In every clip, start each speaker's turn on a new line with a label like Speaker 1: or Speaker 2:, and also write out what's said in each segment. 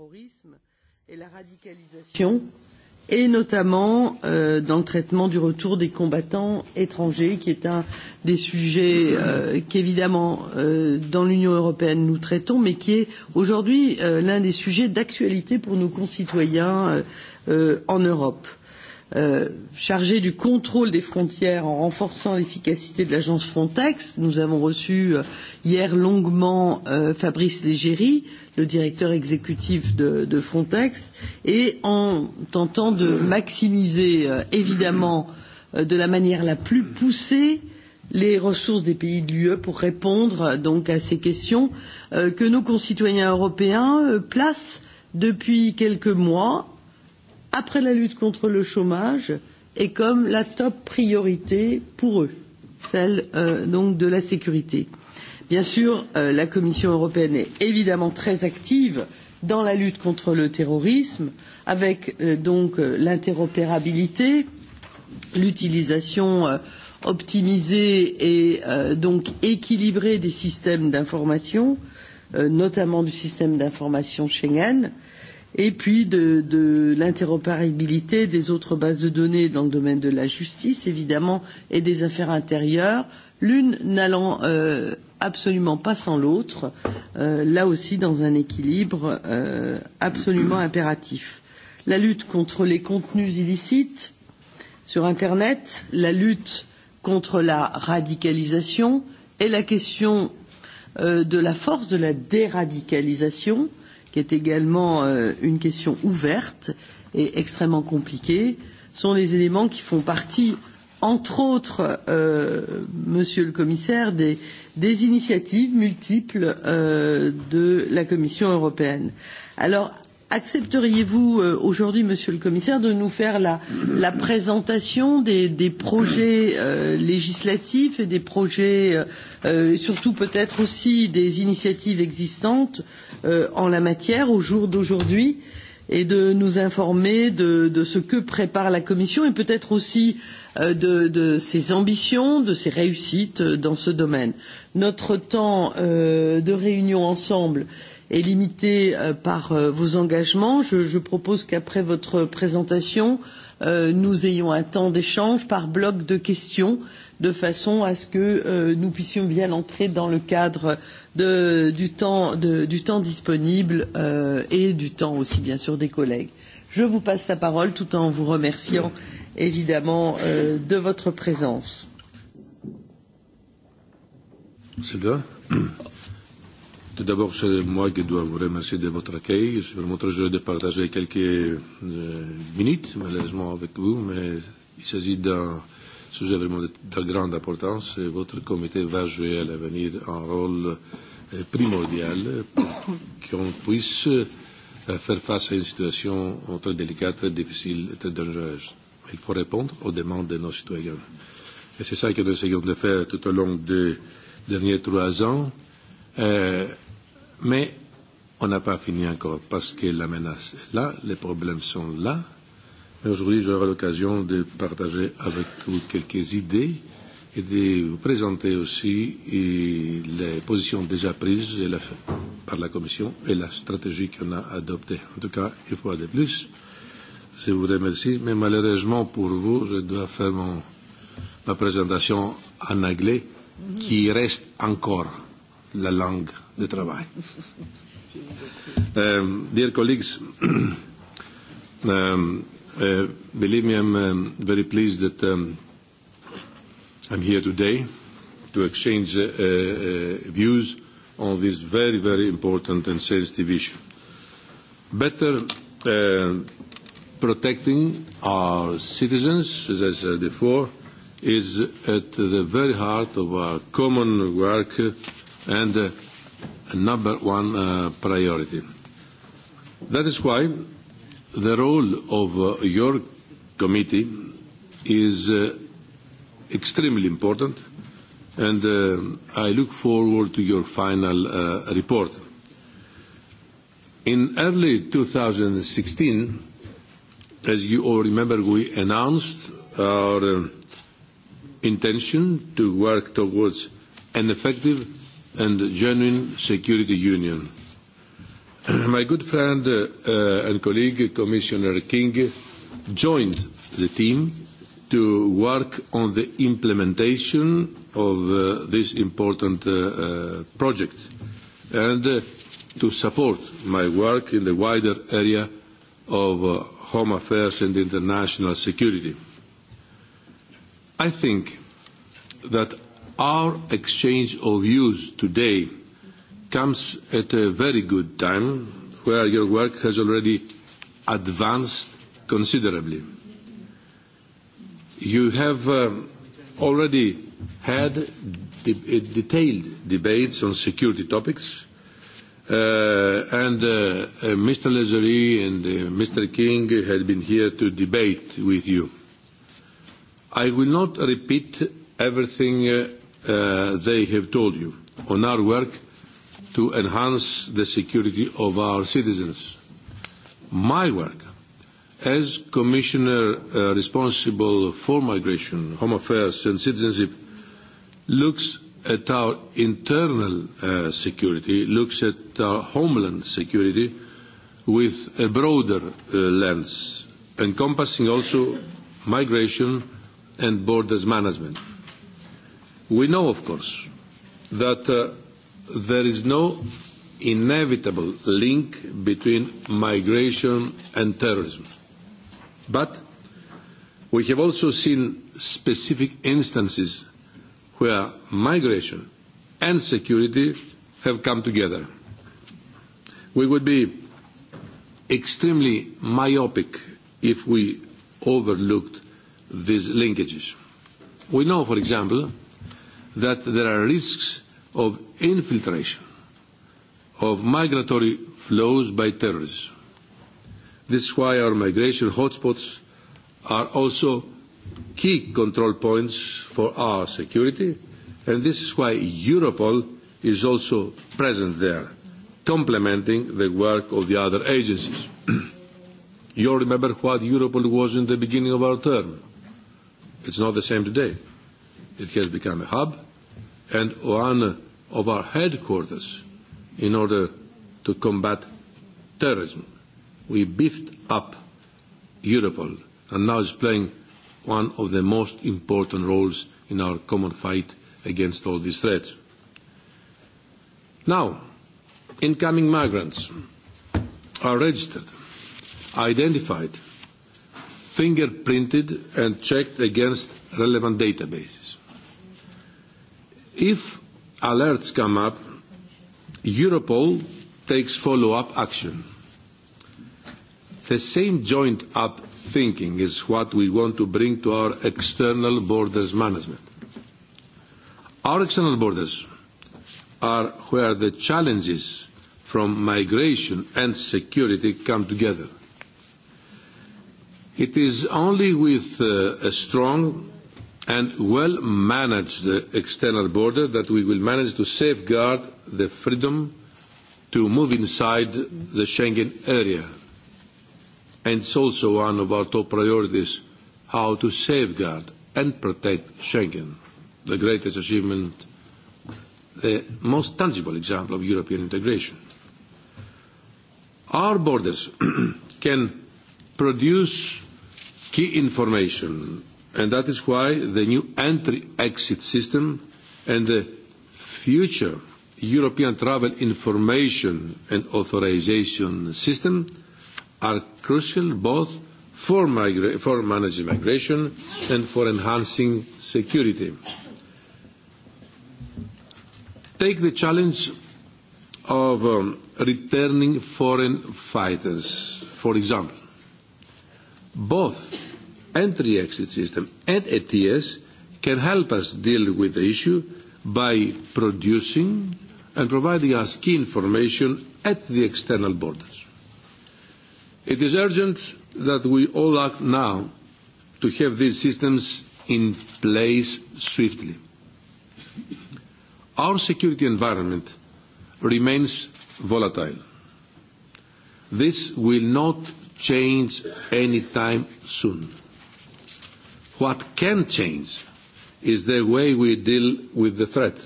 Speaker 1: terrorisme et la radicalisation, et notamment euh, dans le traitement du retour des combattants étrangers, qui est un des sujets euh, qu'évidemment euh, dans l'Union européenne nous traitons, mais qui est aujourd'hui euh, l'un des sujets d'actualité pour nos concitoyens euh, euh, en Europe euh, chargé du contrôle des frontières en renforçant l'efficacité de l'agence Frontex. Nous avons reçu euh, hier longuement euh, Fabrice Légéry, le directeur exécutif de, de Frontex, et en tentant de maximiser euh, évidemment euh, de la manière la plus poussée les ressources des pays de l'UE pour répondre euh, donc à ces questions euh, que nos concitoyens européens euh, placent depuis quelques mois après la lutte contre le chômage est comme la top priorité pour eux, celle euh, donc de la sécurité. Bien sûr, euh, la Commission européenne est évidemment très active dans la lutte contre le terrorisme, avec euh, donc euh, l'interopérabilité, l'utilisation euh, optimisée et euh, donc équilibrée des systèmes d'information, euh, notamment du système d'information Schengen, euh, et puis de, de l'interopérabilité des autres bases de données dans le domaine de la justice, évidemment, et des affaires intérieures, l'une n'allant euh, absolument pas sans l'autre, euh, là aussi dans un équilibre euh, absolument impératif. La lutte contre les contenus illicites sur Internet, la lutte contre la radicalisation et la question euh, de la force de la déradicalisation euh, qui est également euh, une question ouverte et extrêmement compliquée, sont les éléments qui font partie, entre autres, euh, Monsieur le Commissaire, des, des initiatives multiples euh, de la Commission européenne. Alors, Accepteriez-vous euh, aujourd'hui, Monsieur le Commissaire, de nous faire la, la présentation des, des projets euh, législatifs et des projets, euh, et euh, surtout peut-être aussi des initiatives existantes euh, en la matière au jour d'aujourd'hui et de nous informer de, de ce que prépare la Commission et peut-être aussi euh, de, de ses ambitions, de ses réussites euh, dans ce domaine. Notre temps euh, de réunion ensemble euh, est limité euh, par euh, vos engagements. Je, je propose qu'après votre présentation, euh, nous ayons un temps d'échange par bloc de questions de façon à ce que euh, nous puissions bien entrer dans le cadre de, du, temps, de, du temps disponible euh, et du temps aussi bien sûr des collègues. Je vous passe la parole tout en vous remerciant évidemment euh, de votre présence.
Speaker 2: Silvia
Speaker 3: Tout d'abord, c'est moi qui dois vous remercier de votre accueil. C'est vraiment très heureux de partager quelques euh, minutes, malheureusement, avec vous, mais il s'agit d'un sujet vraiment de, de grande importance et votre comité va jouer à l'avenir un rôle euh, primordial pour qu'on puisse euh, faire face à une situation très délicate, très difficile et très dangereuse. Il faut répondre aux demandes de nos citoyens. Et c'est ça que nous essayons de faire tout au long des derniers trois ans. Euh, Mais on n'a pas fini encore parce que la menace est là, les problèmes sont là. Mais aujourd'hui, j'aurai l'occasion de partager avec vous quelques idées et de vous présenter aussi euh, les positions déjà prises par la Commission et la stratégie qu'on a adoptée. En tout cas, une fois de plus, je vous remercie. Mais malheureusement pour vous, je dois faire mon, ma présentation en anglais qui reste encore la langue de travail. um, dear colleagues, um, uh, believe me, I'm um, very pleased that um, I'm here today to exchange uh, uh, views on this very, very important and sensitive issue. Better uh, protecting our citizens, as I said before, is at the very heart of our common work and uh, number one uh, priority. That is why the role of uh, your committee is uh, extremely important and uh, I look forward to your final uh, report. In early 2016, as you all remember, we announced our uh, intention to work towards an effective and genuine security union. My good friend uh, uh, and colleague, Commissioner King, joined the team to work on the implementation of uh, this important uh, uh, project and to support my work in the wider area of home affairs and international security. I think that Our exchange of views today comes at a very good time where your work has already advanced considerably. You have uh, already had de detailed debates on security topics, uh, and uh, uh, Mr. Lezery and uh, Mr. King had been here to debate with you. I will not repeat everything uh, Uh, they have told you on our work to enhance the security of our citizens. My work as Commissioner uh, responsible for migration, home affairs and citizenship looks at our internal uh, security, looks at our homeland security with a broader uh, lens, encompassing also migration and borders management. We know, of course, that uh, there is no inevitable link between migration and terrorism. But we have also seen specific instances where migration and security have come together. We would be extremely myopic if we overlooked these linkages. We know, for example, that there are risks of infiltration of migratory flows by terrorism. This is why our migration hotspots are also key control points for our security, and this is why Europol is also present there, complementing the work of the other agencies. you all remember what Europol was in the beginning of our term. It's not the same today. It has become a hub and one of our headquarters in order to combat terrorism. We beefed up Europol and now is playing one of the most important roles in our common fight against all these threats. Now, incoming migrants are registered, identified, fingerprinted and checked against relevant databases. If alerts come up, Europol takes follow-up action. The same joined-up thinking is what we want to bring to our external borders management. Our external borders are where the challenges from migration and security come together. It is only with uh, a strong and well manage the external border that we will manage to safeguard the freedom to move inside the Schengen area. And it's also one of our top priorities, how to safeguard and protect Schengen, the greatest achievement, the most tangible example of European integration. Our borders can produce key information and that is why the new entry-exit system and the future European travel information and authorization system are crucial both for, migra for managing migration and for enhancing security. Take the challenge of um, returning foreign fighters, for example. Both entry-exit system and ETS can help us deal with the issue by producing and providing us key information at the external borders. It is urgent that we all act now to have these systems in place swiftly. Our security environment remains volatile. This will not change any time soon. What can change is the way we deal with the threat.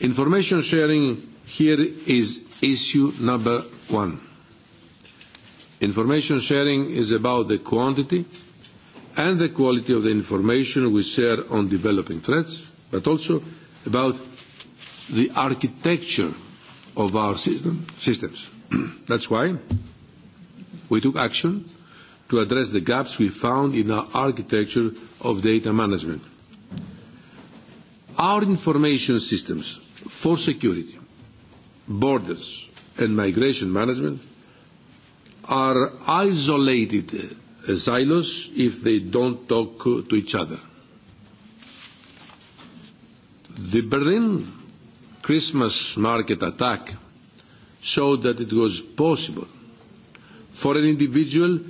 Speaker 3: Information sharing here is issue number one. Information sharing is about the quantity and the quality of the information we share on developing threats, but also about the architecture of our system, systems. That's why we took action to address the gaps we found in our architecture of data management. Our information systems for security, borders and migration management are isolated silos if they don't talk to each other. The Berlin Christmas market attack showed that it was possible for an individual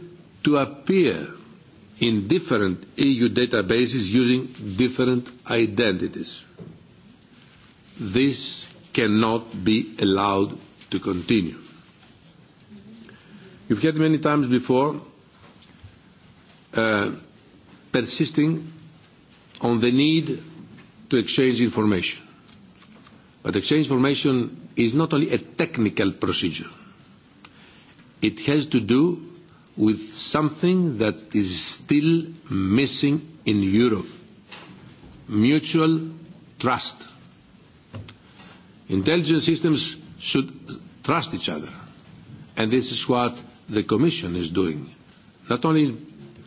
Speaker 3: to appear in different EU databases using different identities. This cannot be allowed to continue. You've heard many times before uh, persisting on the need to exchange information. But exchange information is not only a technical procedure. It has to do with something that is still missing in Europe, mutual trust. Intelligence systems should trust each other. And this is what the Commission is doing, not only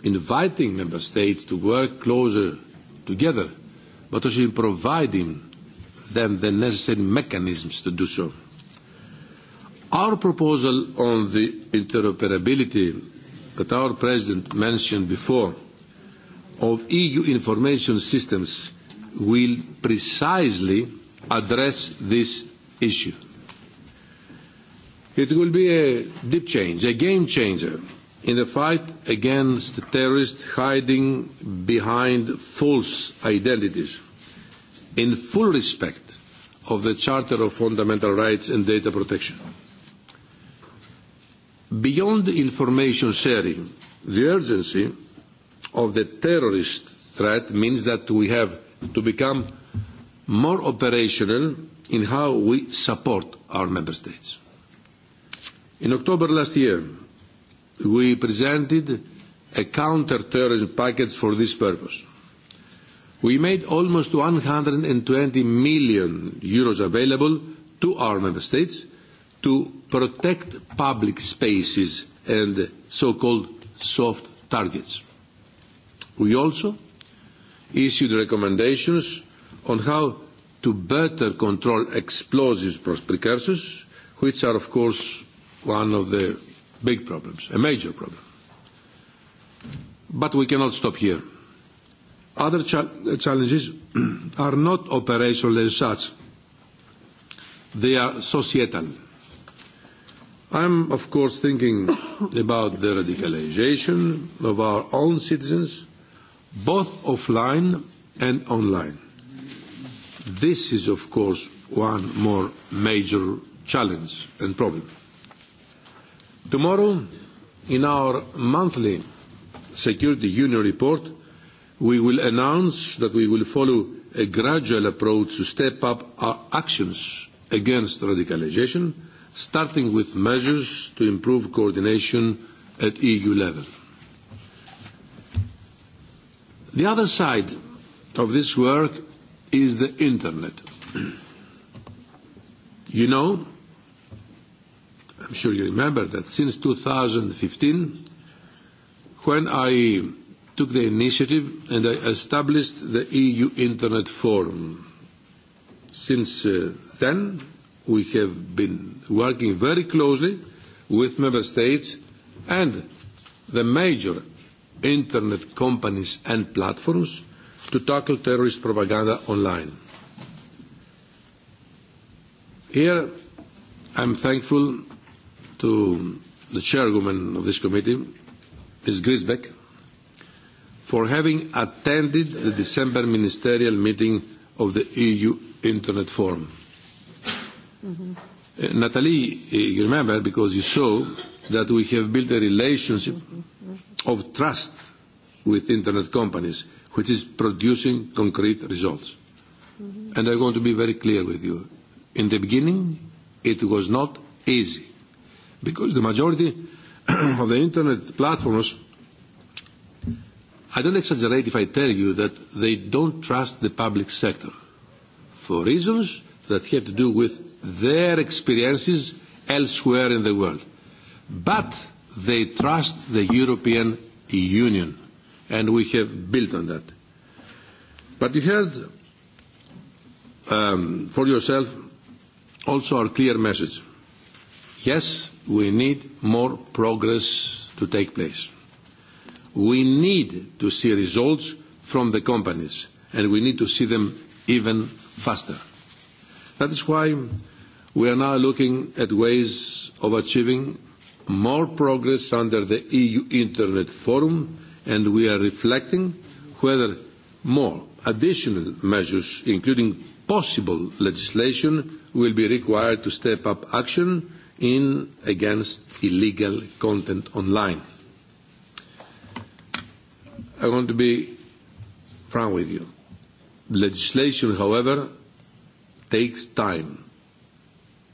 Speaker 3: inviting member states to work closer together, but also providing them the necessary mechanisms to do so. Our proposal on the interoperability that our President mentioned before of EU information systems will precisely address this issue. It will be a deep change, a game changer in the fight against terrorists hiding behind false identities in full respect of the Charter of Fundamental Rights and Data Protection. Beyond information sharing, the urgency of the terrorist threat means that we have to become more operational in how we support our member states. In October last year, we presented a counter-terrorism package for this purpose. We made almost 120 million euros available to our member states to protect public spaces and so-called soft targets. We also issued recommendations on how to better control explosives precursors, which are, of course, one of the big problems, a major problem. But we cannot stop here. Other cha challenges are not operational as such. They are societal I'm, of course, thinking about the radicalization of our own citizens, both offline and online. This is, of course, one more major challenge and problem. Tomorrow, in our monthly Security Union report, we will announce that we will follow a gradual approach to step up our actions against radicalization starting with measures to improve coordination at EU level. The other side of this work is the internet. You know, I'm sure you remember that since 2015, when I took the initiative and I established the EU Internet Forum. Since uh, then, we have been working very closely with member states and the major internet companies and platforms to tackle terrorist propaganda online. Here, I'm thankful to the chairwoman of this committee, Ms. Grisbeck, for having attended the December ministerial meeting of the EU Internet Forum.
Speaker 4: Uh,
Speaker 3: Natalie, eh, you remember because you saw that we have built a relationship of trust with internet companies, which is producing concrete results. Mm-hmm. And I want to be very clear with you. In the beginning, it was not easy because the majority of the internet platforms, I don't exaggerate if I tell you that they don't trust the public sector for reasons that have to do with their experiences elsewhere in the world. But they trust the European Union, and we have built on that. But you heard um, for yourself also our clear message. Yes, we need more progress to take place. We need to see results from the companies, and we need to see them even faster. That is why we are now looking at ways of achieving more progress under the EU Internet Forum, and we are reflecting whether more additional measures, including possible legislation, will be required to step up action in against illegal content online. I want to be frank with you. Legislation, however, takes time.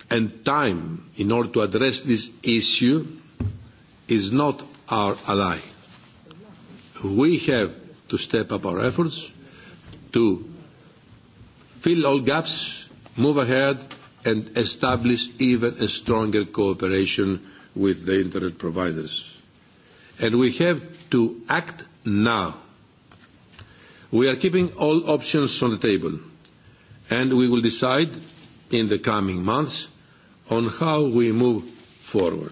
Speaker 3: And time, in order to address this issue, is not our ally. We have to step up our efforts to fill all gaps, move ahead, and establish even a stronger cooperation with the internet providers. And we have to act now. We are keeping all options on the table and we will decide in the coming months on how we move forward.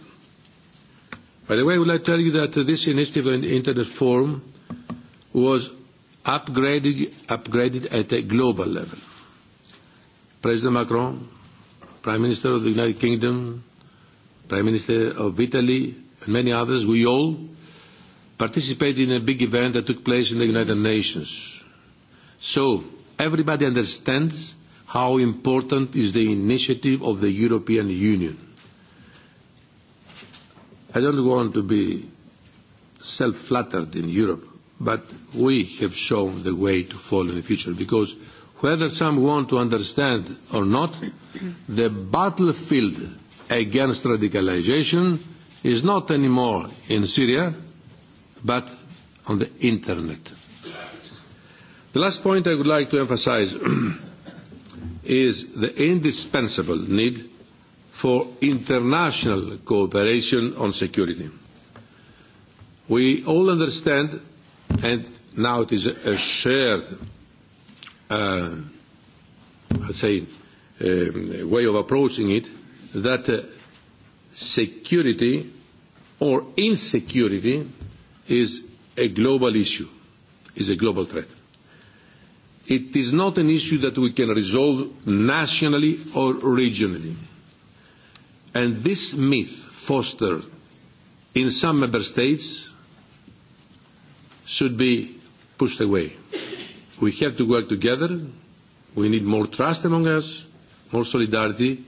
Speaker 3: By the way, I would like to tell you that this initiative on Internet Forum was upgraded, upgraded at a global level. President Macron, Prime Minister of the United Kingdom, Prime Minister of Italy, and many others, we all participated in a big event that took place in the United Nations. So, Everybody understands how important is the initiative of the European Union. I don't want to be self-flattered in Europe, but we have shown the way to follow in the future because whether some want to understand or not, the battlefield against radicalization is not anymore in Syria, but on the internet. The last point I would like to emphasise is the indispensable need for international cooperation on security. We all understand, and now it is a shared, uh, I'd say, uh, way of approaching it, that uh, security or insecurity is a global issue, is a global threat It is not an issue that we can resolve nationally or regionally. And this myth fostered in some member states should be pushed away. We have to work together. We need more trust among us, more solidarity,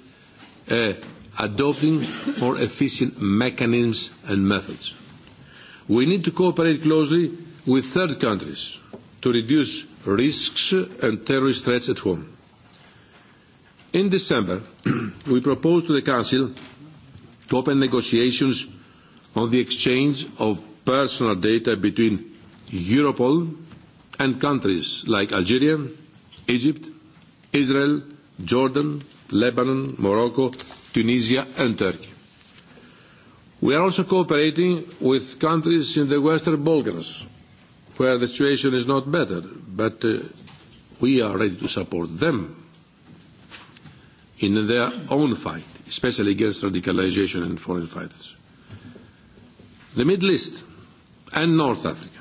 Speaker 3: uh, adopting more efficient mechanisms and methods. We need to cooperate closely with third countries to reduce risks and terrorist threats at home. In December, we proposed to the Council to open negotiations on the exchange of personal data between Europol and countries like Algeria, Egypt, Israel, Jordan, Lebanon, Morocco, Tunisia and Turkey. We are also cooperating with countries in the Western Balkans where the situation is not better, but uh, we are ready to support them in their own fight, especially against radicalization and foreign fighters. The Middle East and North Africa,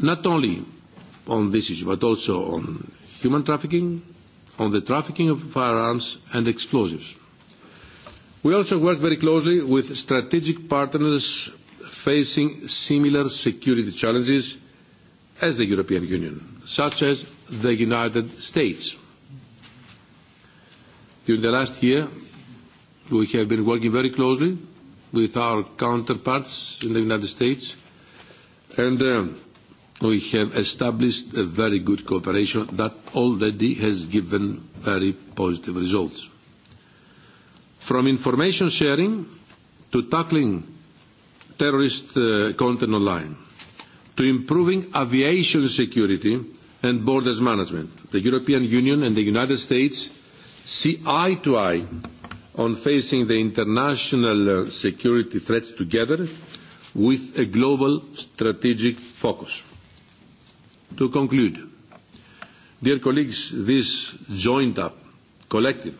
Speaker 3: not only on this issue, but also on human trafficking, on the trafficking of firearms and explosives. We also work very closely with strategic partners facing similar security challenges as the European Union, such as the United States. During the last year, we have been working very closely with our counterparts in the United States, and um, we have established a very good cooperation that already has given very positive results. From information sharing to tackling terrorist uh, content online, to improving aviation security and borders management. The European Union and the United States see eye to eye on facing the international uh, security threats together with a global strategic focus. To conclude, dear colleagues, these joined up, collective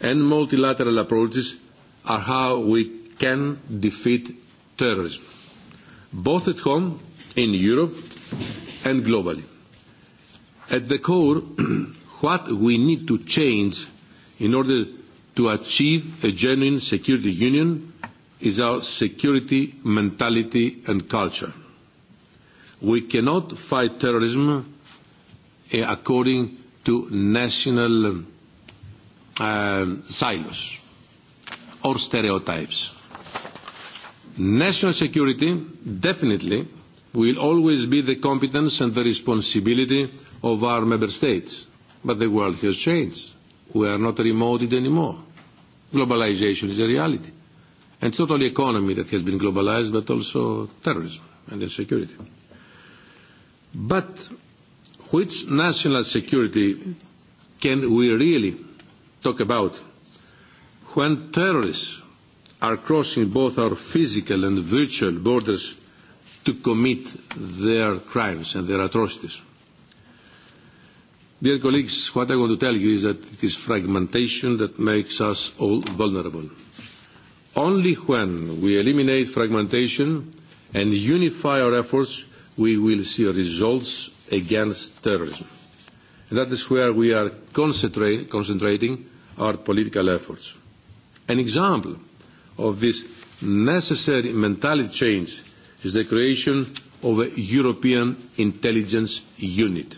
Speaker 3: and multilateral approaches are how we can defeat terrorism, both at home, in Europe, and globally. At the core, what we need to change in order to achieve a genuine security union is our security mentality and culture. We cannot fight terrorism eh, according to national uh, silos or stereotypes. National security definitely will always be the competence and the responsibility of our member states. But the world has changed. We are not remote anymore. Globalization is a reality. And it's not only economy that has been globalized, but also terrorism and insecurity. But which national security can we really talk about when terrorists are crossing both our physical and virtual borders to commit their crimes and their atrocities. Dear colleagues, what I want to tell you is that it is fragmentation that makes us all vulnerable. Only when we eliminate fragmentation and unify our efforts, we will see results against terrorism. And that is where we are concentrate, concentrating our political efforts. An example of this necessary mentality change is the creation of a European intelligence unit.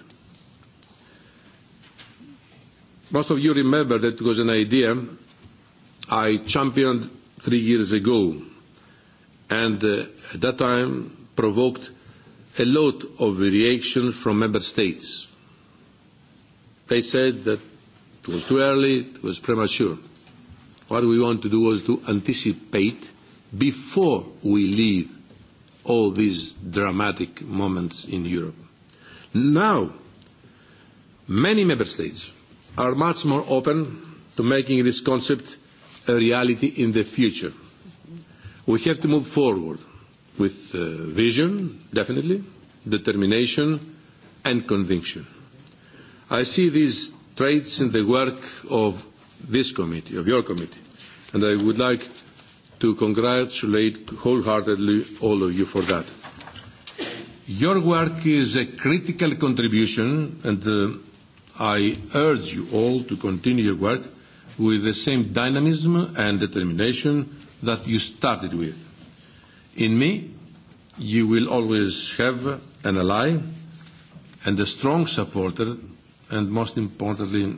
Speaker 3: Most of you remember that it was an idea I championed three years ago and uh, at that time provoked a lot of reaction from member states. They said that it was too early, it was premature. What we want to do was to anticipate before we leave all these dramatic moments in Europe. Now, many member states are much more open to making this concept a reality in the future. We have to move forward with uh, vision, definitely, determination and conviction. I see these traits in the work of this committee, of your committee. And I would like to congratulate wholeheartedly all of you for that. Your work is a critical contribution, and uh, I urge you all to continue your work with the same dynamism and determination that you started with. In me, you will always have an ally and a strong supporter, and most importantly,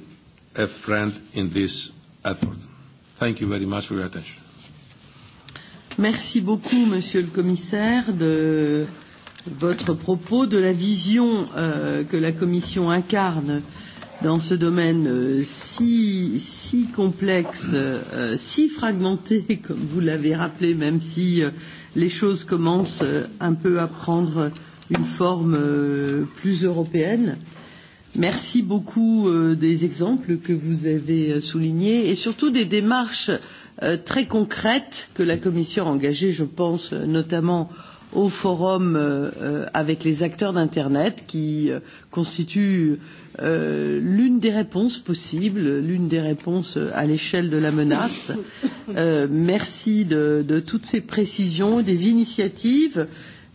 Speaker 3: a friend in this effort. Thank you very much for your attention.
Speaker 1: Merci beaucoup, Monsieur le Commissaire, de votre propos, de la vision euh, que la Commission incarne dans ce domaine euh, si, si complexe, euh, si fragmenté, comme vous l'avez rappelé, même si euh, les choses commencent euh, un peu à prendre une forme euh, plus européenne. Euh, Merci beaucoup euh, des exemples que vous avez euh, soulignés et surtout des démarches euh, très concrètes que la Commission a engagées, je pense notamment au forum avec les acteurs d'Internet qui constitue l'une des réponses possibles, l'une des réponses à l'échelle de la menace. merci de, de toutes ces précisions, des initiatives euh,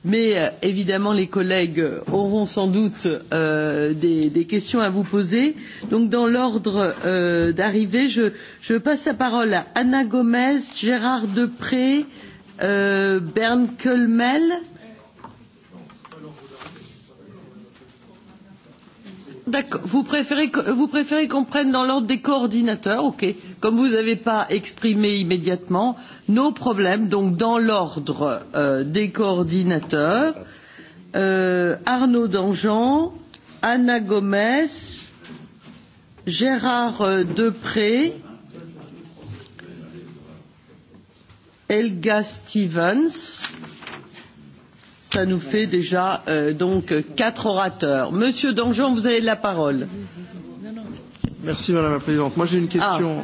Speaker 1: mais euh, évidemment les collègues auront sans doute euh, des, des questions à vous poser. Donc dans l'ordre euh, d'arrivée, je, je passe la parole à Anna Gomez, Gérard Depré, euh, Bern Kölmel Euh, D'accord. Vous préférez, vous préférez qu'on prenne dans l'ordre des coordinateurs, ok. Comme vous n'avez pas exprimé immédiatement nos problèmes, donc dans l'ordre euh, des coordinateurs, euh, Arnaud Dangean, Anna Gomez, Gérard euh, Depré, Elga Stevens, ça nous fait déjà euh, donc quatre orateurs. Monsieur Dangean, vous avez la parole. Merci Madame la Présidente. Moi j'ai une question.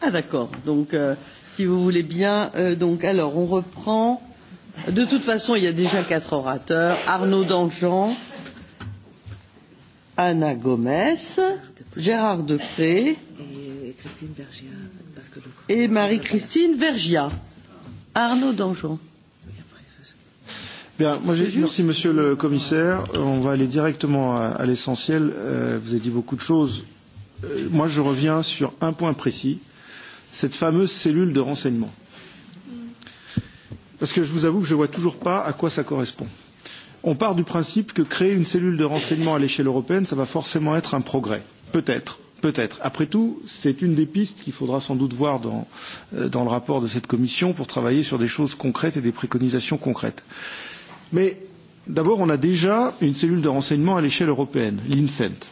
Speaker 1: Ah, ah d'accord. Donc euh, si vous voulez bien, euh, donc alors on reprend. De toute façon, il y a déjà quatre orateurs. Arnaud Dangean, Anna Gomes, Gérard Depré et Marie-Christine Vergia. Arnaud Dangean.
Speaker 5: Bien, moi j'ai, merci Monsieur le Commissaire. Euh, on va aller directement à, à l'essentiel. Euh, vous avez dit beaucoup de choses. Euh, moi, je reviens sur un point précis, cette fameuse cellule de renseignement. Parce que je vous avoue que je ne vois toujours pas à quoi ça correspond. On part du principe que créer une cellule de renseignement à l'échelle européenne, ça va forcément être un progrès. Peut-être. Peut-être. Après tout, c'est une des pistes qu'il faudra sans doute voir dans, euh, dans le rapport de cette commission pour travailler sur des choses concrètes et des préconisations concrètes. Mais d'abord, on a déjà une cellule de renseignement à l'échelle européenne, l'INSENT.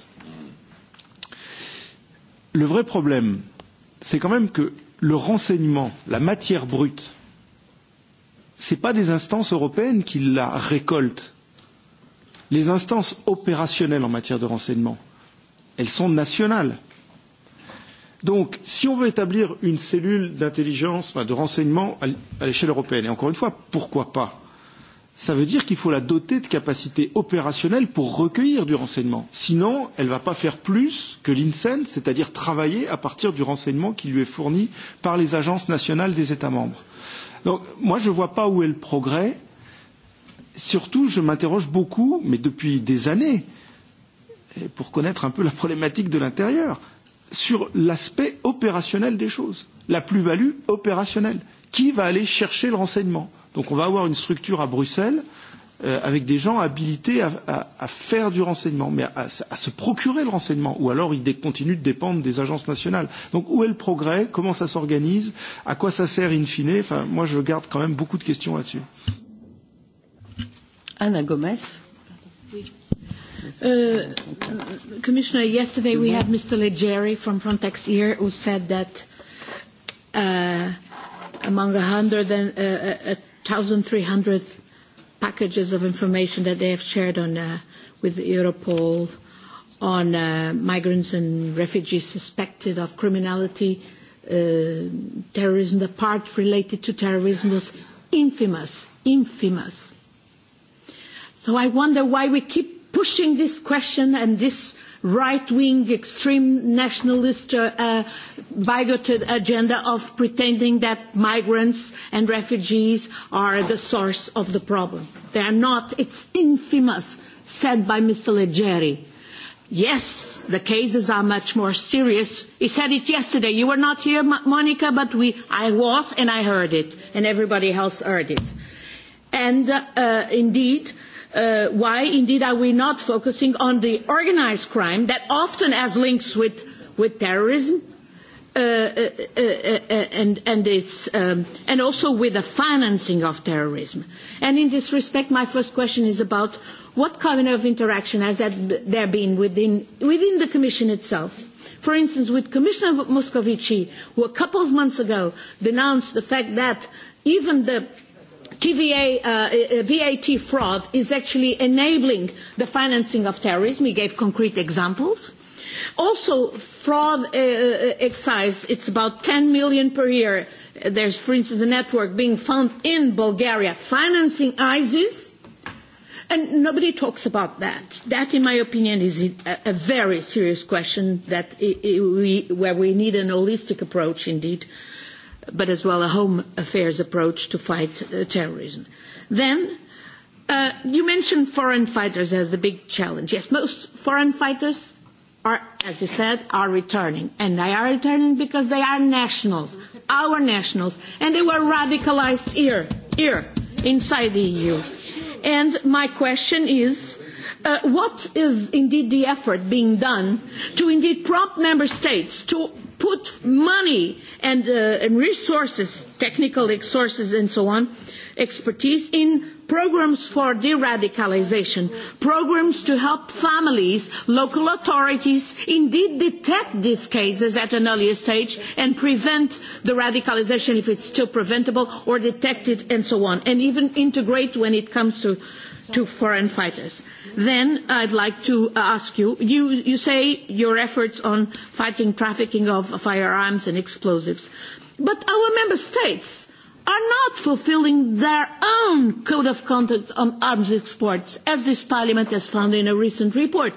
Speaker 5: Le vrai problème, c'est quand même que le renseignement, la matière brute, ce n'est pas des instances européennes qui la récoltent. Les instances opérationnelles en matière de renseignement, elles sont nationales. Donc, si on veut établir une cellule d'intelligence, enfin de renseignement à l'échelle européenne, et encore une fois, pourquoi pas ça veut dire qu'il faut la doter de capacités opérationnelles pour recueillir du renseignement. Sinon, elle ne va pas faire plus que l'INSEN, c'est-à-dire travailler à partir du renseignement qui lui est fourni par les agences nationales des États membres. Donc, moi, je ne vois pas où est le progrès. Surtout, je m'interroge beaucoup, mais depuis des années, pour connaître un peu la problématique de l'intérieur, sur l'aspect opérationnel des choses, la plus-value opérationnelle. Qui va aller chercher le renseignement Donc on va avoir une structure à Bruxelles euh, avec des gens habilités à, à, à faire du renseignement, mais à, à, à se procurer le renseignement, ou alors ils continuent de dépendre des agences nationales. Donc où est le progrès Comment ça s'organise À quoi ça sert in fine enfin, Moi, je garde quand même beaucoup de questions là-dessus.
Speaker 1: Anna Gomez.
Speaker 6: Uh, Commissioner, yesterday we had Mr. Leggeri from Frontex here who said that uh, among 100 and, uh, uh, 1,300 packages of information that they have shared on, uh, with Europol on uh, migrants and refugees suspected of criminality, uh, terrorism. The part related to terrorism was infamous, infamous. So I wonder why we keep pushing this question and this right-wing extreme nationalist uh, uh, bigoted agenda of pretending that migrants and refugees are the source of the problem. They are not. It's infamous, said by Mr. Leggeri. Yes, the cases are much more serious. He said it yesterday. You were not here, Monica, but we, I was and I heard it, and everybody else heard it. And uh, uh indeed, Uh, why indeed are we not focusing on the organised crime that often has links with, with terrorism uh uh, uh, uh, and, and, its, um, and also with the financing of terrorism? And in this respect, my first question is about what kind of interaction has there been within, within the Commission itself? For instance, with Commissioner Moscovici, who a couple of months ago denounced the fact that even the TVA, uh, uh VAT fraud is actually enabling the financing of terrorism. He gave concrete examples. Also, fraud uh, uh excise, it's about 10 million per year. There's, for instance, a network being found in Bulgaria financing ISIS, and nobody talks about that. That, in my opinion, is a, a very serious question that we, where we need an holistic approach, indeed, but as well a home affairs approach to fight uh, terrorism. Then, uh, you mentioned foreign fighters as the big challenge. Yes, most foreign fighters are, as you said, are returning. And they are returning because they are nationals, our nationals. And they were radicalized here, here, inside the EU. And my question is, uh, what is indeed the effort being done to indeed prompt member states to put money and, uh, and resources, technical resources and so on, expertise in programs for de-radicalization, programs to help families, local authorities indeed detect these cases at an earlier stage and prevent the radicalization if it's still preventable or detect it and so on, and even integrate when it comes to, to foreign fighters. Then I'd like to ask you, you, you say your efforts on fighting trafficking of firearms and explosives, but our member states are not fulfilling their own code of conduct on arms exports, as this parliament has found in a recent report.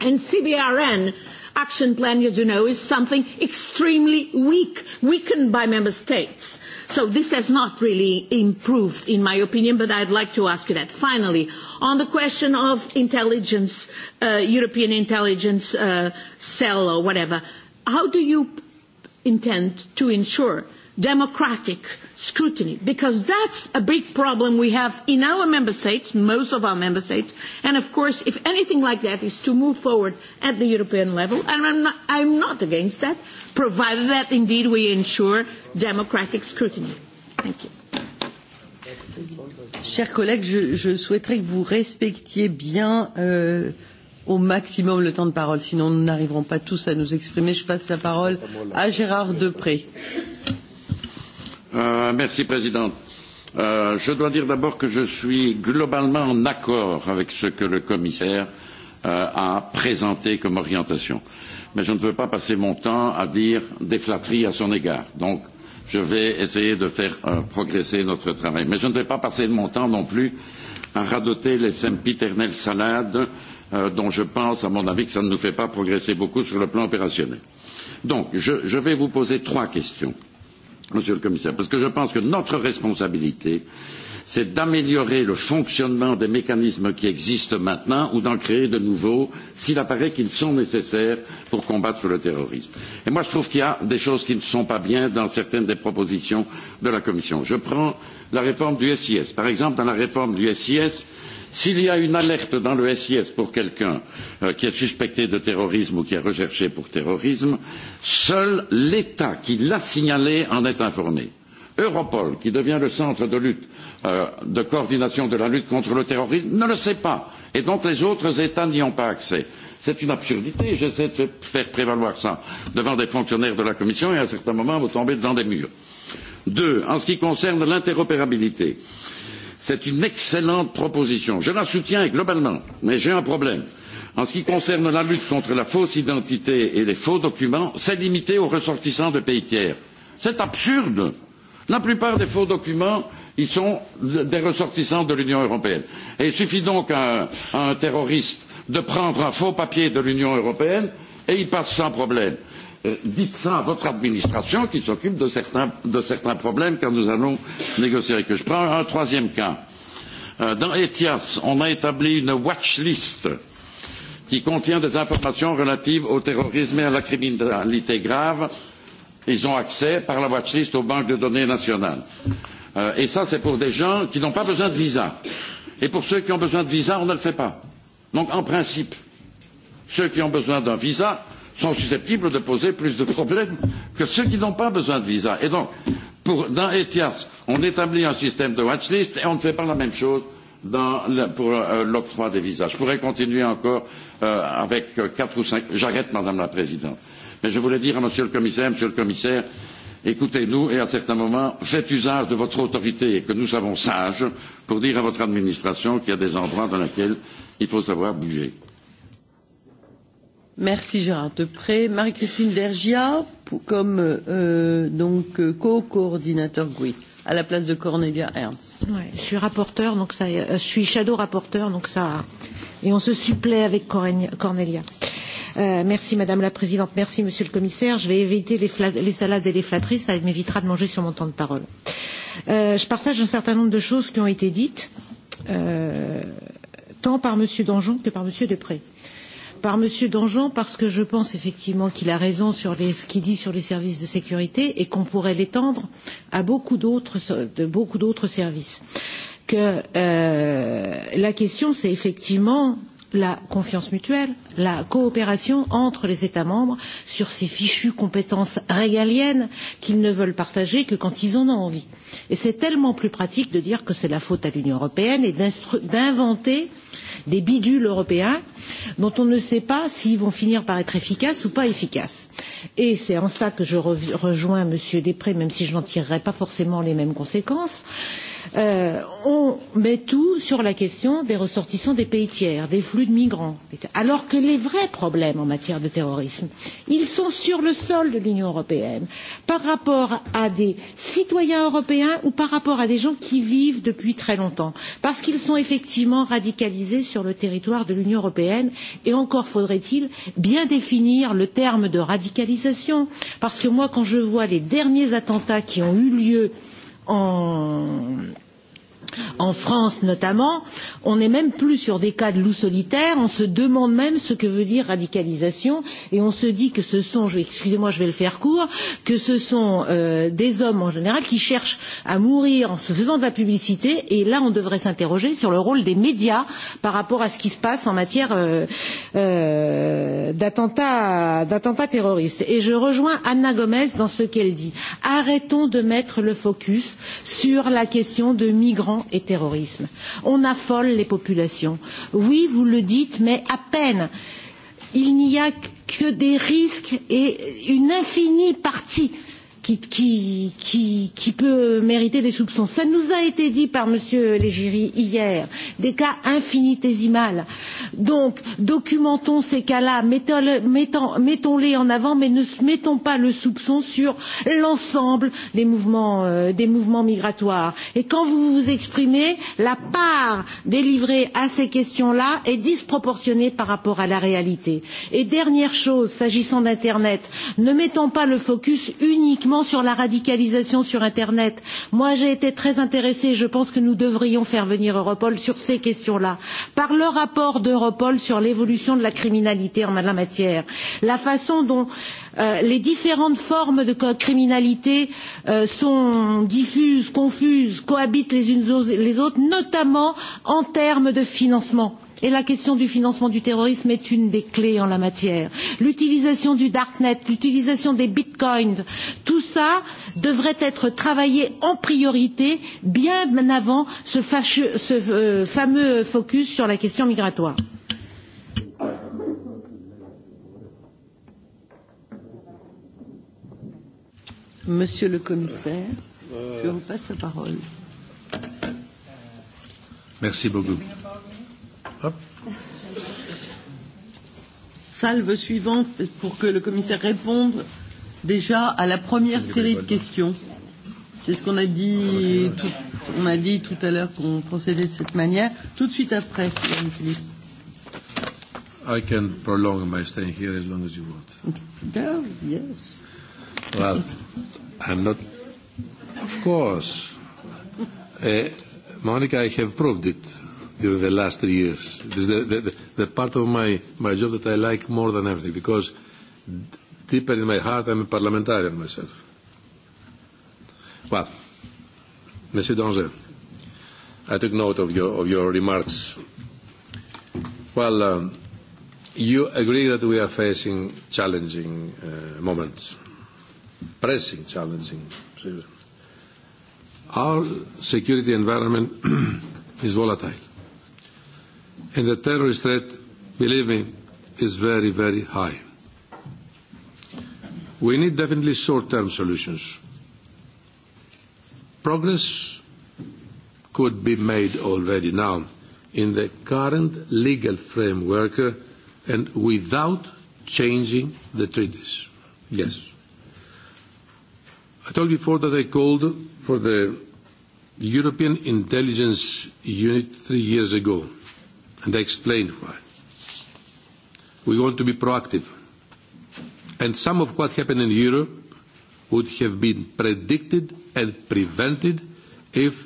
Speaker 6: And CBRN action plan, as you know, is something extremely weak, weakened by member states. So this has not really improved, in my opinion, but I'd like to ask you that. Finally, on the question of intelligence, uh, European intelligence uh, cell or whatever, how do you intend to ensure democratic scrutiny because that's a big problem we have in our member states most of our member states and of course if anything like that is to move forward at the european level and i'm not, I'm not against that provided that indeed we ensure democratic scrutiny thank you
Speaker 1: Chers collègues, je, je souhaiterais que vous respectiez bien euh, au maximum le temps de parole, sinon nous n'arriverons pas tous à nous exprimer. Je passe la parole à Gérard Depré.
Speaker 2: Euh, merci, Présidente. Euh, je dois dire d'abord que je suis globalement en accord avec ce que le commissaire euh, a présenté comme orientation. Mais je ne veux pas passer mon temps à dire des flatteries à son égard. Donc, je vais essayer de faire euh, progresser notre travail. Mais je ne vais pas passer mon temps non plus à radoter les sempiternelles salades euh, dont je pense, à mon avis, que ça ne nous fait pas progresser beaucoup sur le plan opérationnel. Donc, je, je vais vous poser trois questions monsieur le commissaire, parce que je pense que notre responsabilité, c'est d'améliorer le fonctionnement des mécanismes qui existent maintenant ou d'en créer de nouveaux s'il apparaît qu'ils sont nécessaires pour combattre le terrorisme. Et moi, je trouve qu'il y a des choses qui ne sont pas bien dans certaines des propositions de la Commission. Je prends la réforme du SIS. Par exemple, dans la réforme du SIS, S'il y a une alerte dans le SIS pour quelqu'un euh, qui est suspecté de terrorisme ou qui est recherché pour terrorisme, seul l'État qui l'a signalé en est informé. Europol, qui devient le centre de lutte, euh, de coordination de la lutte contre le terrorisme, ne le sait pas. Et donc les autres États n'y ont pas accès. C'est une absurdité. J'essaie de faire prévaloir ça devant des fonctionnaires de la Commission et à un certain moment, vous tombez devant des murs. Deux, en ce qui concerne l'interopérabilité, euh, C'est une excellente proposition. Je la soutiens globalement, mais j'ai un problème. En ce qui concerne la lutte contre la fausse identité et les faux documents, c'est limité aux ressortissants de pays tiers. C'est absurde. La plupart des faux documents, ils sont des ressortissants de l'Union européenne. Et il suffit donc à un, à un terroriste de prendre un faux papier de l'Union européenne et ils passent sans problème. Euh, dites ça à votre administration qui s'occupe de certains, de certains problèmes quand nous allons négocier avec eux. Je prends un troisième cas. Euh, dans ETIAS, on a établi une watch list qui contient des informations relatives au terrorisme et à la criminalité grave. Ils ont accès par la watch list aux banques de données nationales. Euh, et ça, c'est pour des gens qui n'ont pas besoin de visa. Et pour ceux qui ont besoin de visa, on ne le fait pas. Donc, en principe, Ceux qui ont besoin d'un visa sont susceptibles de poser plus de problèmes que ceux qui n'ont pas besoin de visa. Et donc, pour, dans ETIAS, on établit un système de watchlist et on ne fait pas la même chose dans pour euh, l'octroi des visas. Je pourrais continuer encore euh, avec euh, quatre ou cinq. J'arrête, Madame la Présidente. Mais je voulais dire à Monsieur le Commissaire, Monsieur le Commissaire, écoutez-nous et à certains moments, faites usage de votre autorité que nous savons sage pour dire à votre administration qu'il y a des endroits dans lesquels il faut savoir bouger.
Speaker 1: Merci Gérard Depré. Marie-Christine Vergia, pour, comme euh, donc co-coordinateur GUI, à la place de Cornelia Ernst. Ouais, je suis rapporteur, donc ça, euh, je suis shadow rapporteur, donc ça, et on se supplée
Speaker 7: avec Cornelia. Euh, merci Madame la Présidente, merci Monsieur le Commissaire. Je vais éviter les, les salades et les flatteries, ça m'évitera de manger sur mon temps de parole. Euh, je partage un certain nombre de choses qui ont été dites, euh, tant par Monsieur Danjon que par Monsieur Depré. Euh, par Monsieur Dangean parce que je pense effectivement qu'il a raison sur les, ce qu'il dit sur les services de sécurité et qu'on pourrait l'étendre à beaucoup d'autres beaucoup d'autres services. Que euh, la question, c'est effectivement la confiance mutuelle, la coopération entre les États membres sur ces fichues compétences régaliennes qu'ils ne veulent partager que quand ils en ont envie. Et c'est tellement plus pratique de dire que c'est la faute à l'Union européenne et d'inventer des bidules européens dont on ne sait pas s'ils vont finir par être efficaces ou pas efficaces. Et c'est en ça que je rejoins M. Després, même si je n'en tirerai pas forcément les mêmes conséquences. Euh, euh, on met tout sur la question des ressortissants des pays tiers, des flux de migrants, alors que les vrais problèmes en matière de terrorisme, ils sont sur le sol de l'Union européenne, par rapport à des citoyens européens ou par rapport à des gens qui vivent depuis très longtemps, parce qu'ils sont effectivement radicalisés sur le territoire de l'Union européenne, et encore faudrait-il bien définir le terme de radicalisation, parce que moi, quand je vois les derniers attentats qui ont eu lieu en en France notamment, on n'est même plus sur des cas de loups solitaires, on se demande même ce que veut dire radicalisation et on se dit que ce sont, excusez-moi je vais le faire court, que ce sont euh, des hommes en général qui cherchent à mourir en se faisant de la publicité et là on devrait s'interroger sur le rôle des médias par rapport à ce qui se passe en matière euh, euh, d'attentats terroristes. Et je rejoins Anna Gomez dans ce qu'elle dit. Arrêtons de mettre le focus sur la question de migrants et terrorisme. On affole les populations. Oui, vous le dites, mais à peine. Il n'y a que des risques et une infinie partie euh, qui, qui, qui, qui peut mériter des soupçons. Ça nous a été dit par Monsieur Légiri hier, des cas infinitésimales. Donc, documentons ces cas-là, mettons-les en avant, mais ne mettons pas le soupçon sur l'ensemble des mouvements, euh, des mouvements migratoires. Et quand vous vous exprimez, la part délivrée à ces questions-là est disproportionnée par rapport à la réalité. Et dernière chose, s'agissant d'Internet, ne mettons pas le focus uniquement brièvement sur la radicalisation sur Internet. Moi, j'ai été très intéressée. Je pense que nous devrions faire venir Europol sur ces questions-là, par le rapport d'Europol sur l'évolution de la criminalité en la matière, la façon dont euh, les différentes formes de criminalité euh, sont diffuses, confuses, cohabitent les unes aux les autres, notamment en termes de financement Et la question du financement du terrorisme est une des clés en la matière. L'utilisation du darknet, l'utilisation des bitcoins, tout ça devrait être travaillé en priorité bien avant ce, fâcheux, ce euh, fameux focus sur la question migratoire.
Speaker 1: Monsieur le commissaire, je vous passe la parole. Merci beaucoup. Hop. Salve suivante pour que le commissaire réponde déjà à la première série de questions. C'est ce qu'on a dit tout, on a dit tout à l'heure qu'on procédait de cette manière. Tout de suite après, Philippe.
Speaker 3: I can prolong my stay here as long as you want.
Speaker 1: No, yes.
Speaker 8: Well, I'm not. Of
Speaker 3: course. Uh, Monica, I have proved it during the last three years. This is the, the, the part of my, my job that I like more than everything because deeper in my heart I'm a parliamentarian myself. Well, Monsieur Danger, I took note of your, of your remarks. Well, um, you agree that we are facing challenging uh, moments, pressing, challenging. Our security environment is volatile And the terrorist threat, believe me, is very, very high. We need definitely short-term solutions. Progress could be made already now in the current legal framework and without changing the treaties. Yes. I told before that I called for the European Intelligence Unit three years ago and I explained why. We want to be proactive. And some of what happened in Europe would have been predicted and prevented if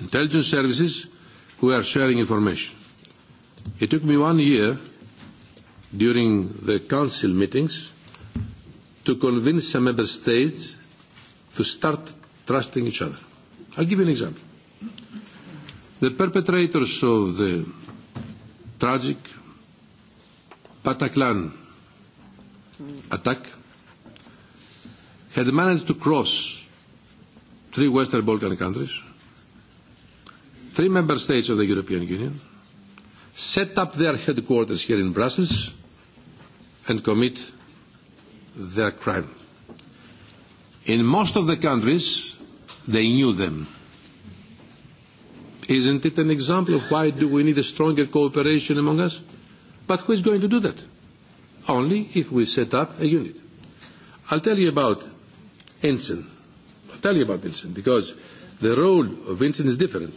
Speaker 3: intelligence services were sharing information. It took me one year during the council meetings to convince some member states to start trusting each other. I'll give you an example. The perpetrators of the tragic Bataclan attack had managed to cross three Western Balkan countries, three member states of the European Union, set up their headquarters here in Brussels and commit their crime. In most of the countries, they knew them. Isn't it an example of why do we need a stronger cooperation among us? But who is going to do that? Only if we set up a unit. I'll tell you about Ensign. I'll tell you about Ensign because the role of Ensign is different.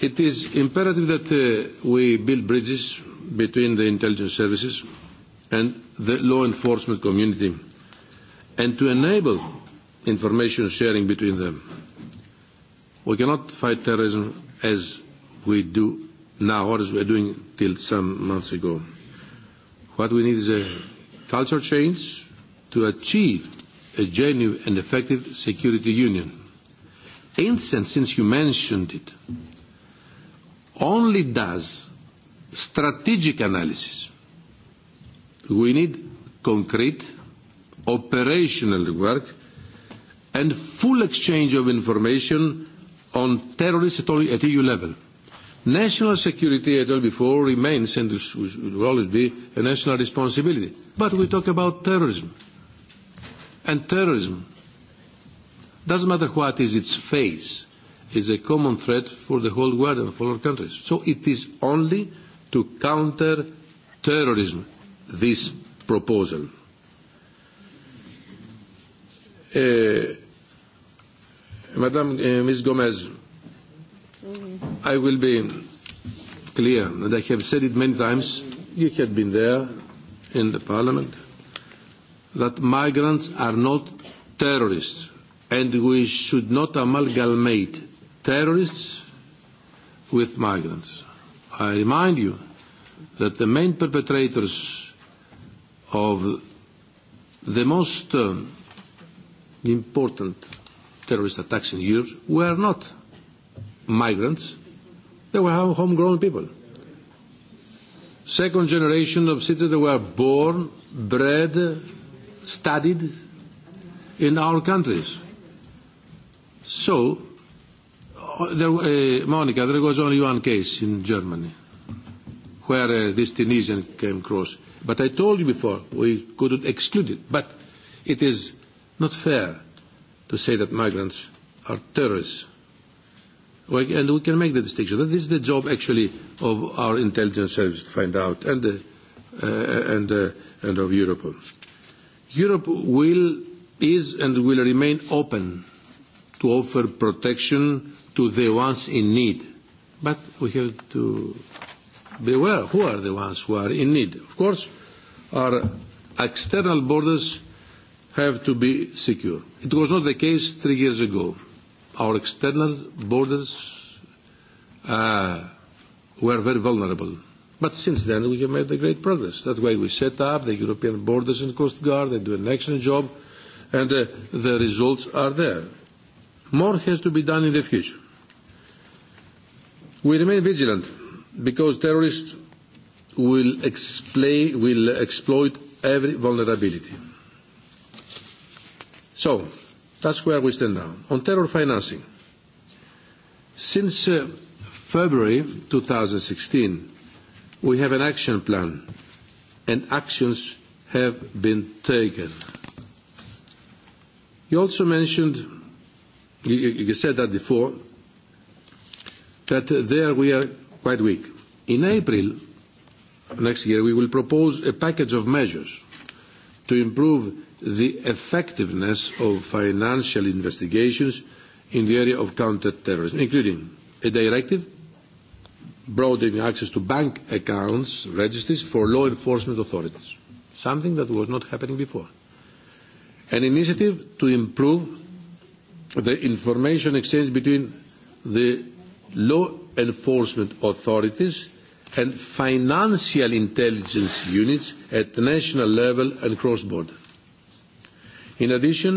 Speaker 3: It is imperative that uh, we build bridges between the intelligence services and the law enforcement community and to enable information sharing between them. We cannot fight terrorism as we do now or as we were doing till some months ago. What we need is a culture change to achieve a genuine and effective security union. Instant, since you mentioned it, only does strategic analysis. We need concrete operational work and full exchange of information on terrorists at, all, at EU level. National security, as I told before, remains and will always be a national responsibility. But we talk about terrorism. And terrorism, doesn't matter what is its face, is a common threat for the whole world and for all countries. So it is only to counter terrorism, this proposal. Uh, Madam uh, eh, Ms. Gomez, I will be clear, and I have said it many times, you have been there in the Parliament, that migrants are not terrorists, and we should not amalgamate terrorists with migrants. I remind you that the main perpetrators of the most uh, important terrorist attacks in Europe were not migrants, they were homegrown people. Second generation of citizens that were born, bred, studied in our countries. So, uh, there, uh, Monica, there was only one case in Germany where uh, this Tunisian came across. But I told you before, we couldn't exclude it. But it is not fair to say that migrants are terrorists. And we can make the distinction. That is the job, actually, of our intelligence service to find out, and, uh, uh, and, uh, and of Europol. Europe will, is and will remain open to offer protection to the ones in need. But we have to be aware who are the ones who are in need. Of course, our external borders have to be secure. It was not the case three years ago. Our external borders uh, were very vulnerable. But since then, we have made a great progress. That's why we set up the European Borders and Coast Guard. They do an excellent job, and uh, the results are there. More has to be done in the future. We remain vigilant because terrorists will, will exploit every vulnerability So that's where we stand now. On terror financing, since uh, February 2016, we have an action plan, and actions have been taken. You also mentioned, you, you said that before, that uh, there we are quite weak. In April next year, we will propose a package of measures to improve the effectiveness of financial investigations in the area of counter-terrorism, including a directive broadening access to bank accounts registers for law enforcement authorities, something that was not happening before. An initiative to improve the information exchange between the law enforcement authorities and financial intelligence units at national level and cross-border. In addition,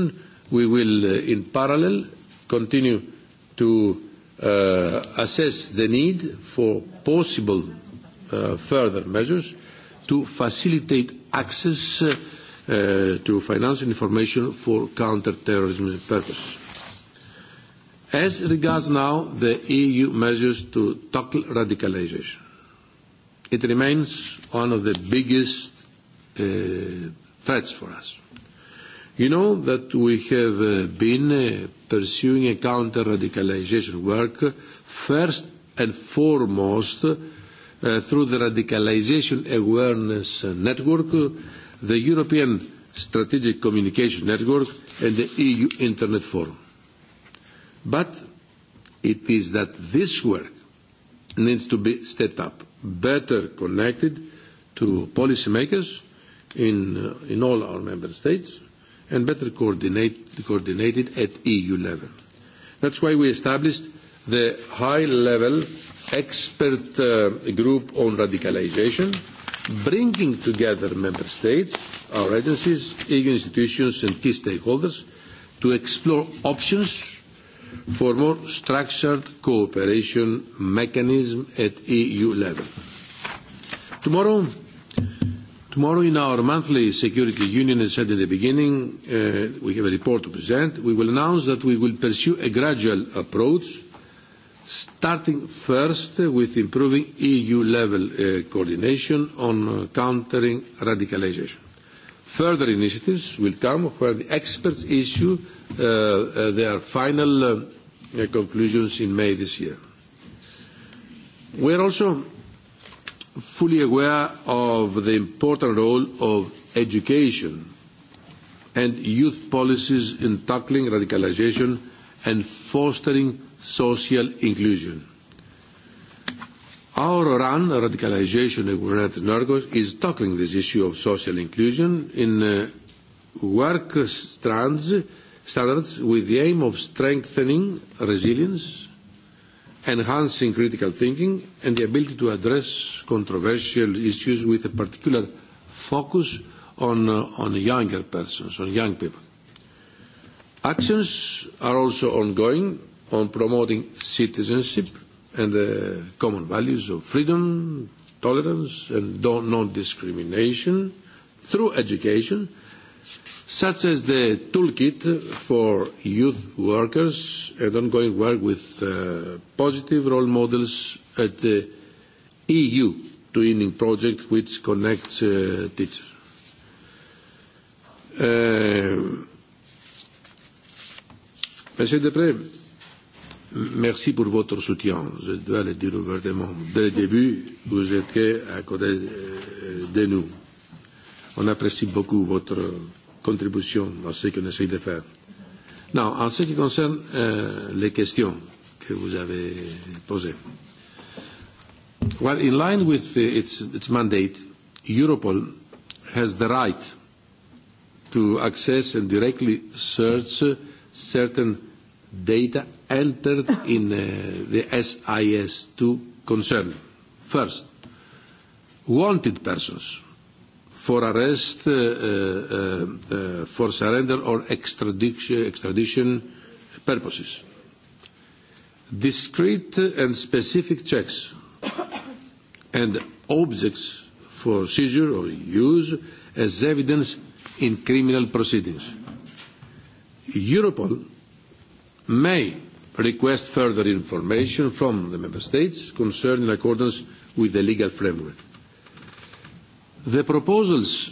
Speaker 3: we will, uh, in parallel, continue to uh, assess the need for possible uh, further measures to facilitate access to financial information for counter-terrorism purposes. As regards now the EU measures to tackle radicalisation, it remains one of the biggest threats for us. You know that we have uh, been uh, pursuing a counter-radicalization work first and foremost uh, through the radicalization awareness network, the European Strategic Communication Network and the EU Internet Forum. But it is that this work needs to be stepped up, better connected to policymakers in, uh, in all our member states, and better coordinate, coordinated at EU level. That's why we established the high-level expert uh, group on radicalization, bringing together member states, our agencies, EU institutions and key stakeholders to explore options for more structured cooperation mechanism at EU level. Tomorrow, Tomorrow in our monthly Security Union, as said in the beginning, uh, we have a report to present. We will announce that we will pursue a gradual approach, starting first with improving EU-level uh, coordination on uh, countering radicalisation. Further initiatives will come where the experts issue uh, uh, their final uh, conclusions in May this year. We are also fully aware of the important role of education and youth policies in tackling radicalisation and fostering social inclusion. Our RAN, Radicalisation Awareness Network, is tackling this issue of social inclusion in uh, work strands, standards with the aim of strengthening resilience enhancing critical thinking and the ability to address controversial issues with a particular focus on, uh, on younger persons, on young people. Actions are also ongoing on promoting citizenship and the common values of freedom, tolerance and non-discrimination through education such as the toolkit for youth workers and ongoing work with uh, positive role models at the EU twinning project which connects uh, teachers. Uh, Monsieur Deprez, merci pour votre soutien. Je dois le dire ouvertement. Dès le début, vous étiez à côté euh, de nous. On apprécie beaucoup votre contribution à ce qu'on essaye de faire. Now, en ce qui concerne euh, les questions que vous avez posées, well, in line with its, its mandate, Europol has the right to access and directly search certain data entered in uh, the SIS2 concern. First, wanted persons for arrest, uh, uh, uh, for surrender or extradition, extradition purposes. Discrete and specific checks and objects for seizure or use as evidence in criminal proceedings. Europol may request further information from the Member States concerned in accordance with the legal framework. The proposals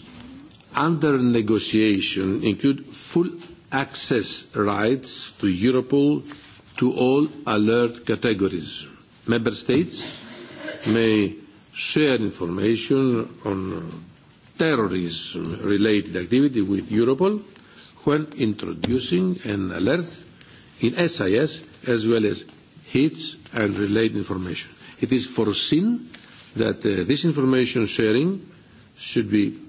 Speaker 3: under negotiation include full access rights to Europol to all alert categories. Member States may share information on terrorism-related activity with Europol when introducing an alert in SIS as well as hits and related information. It is foreseen that uh, this information sharing should be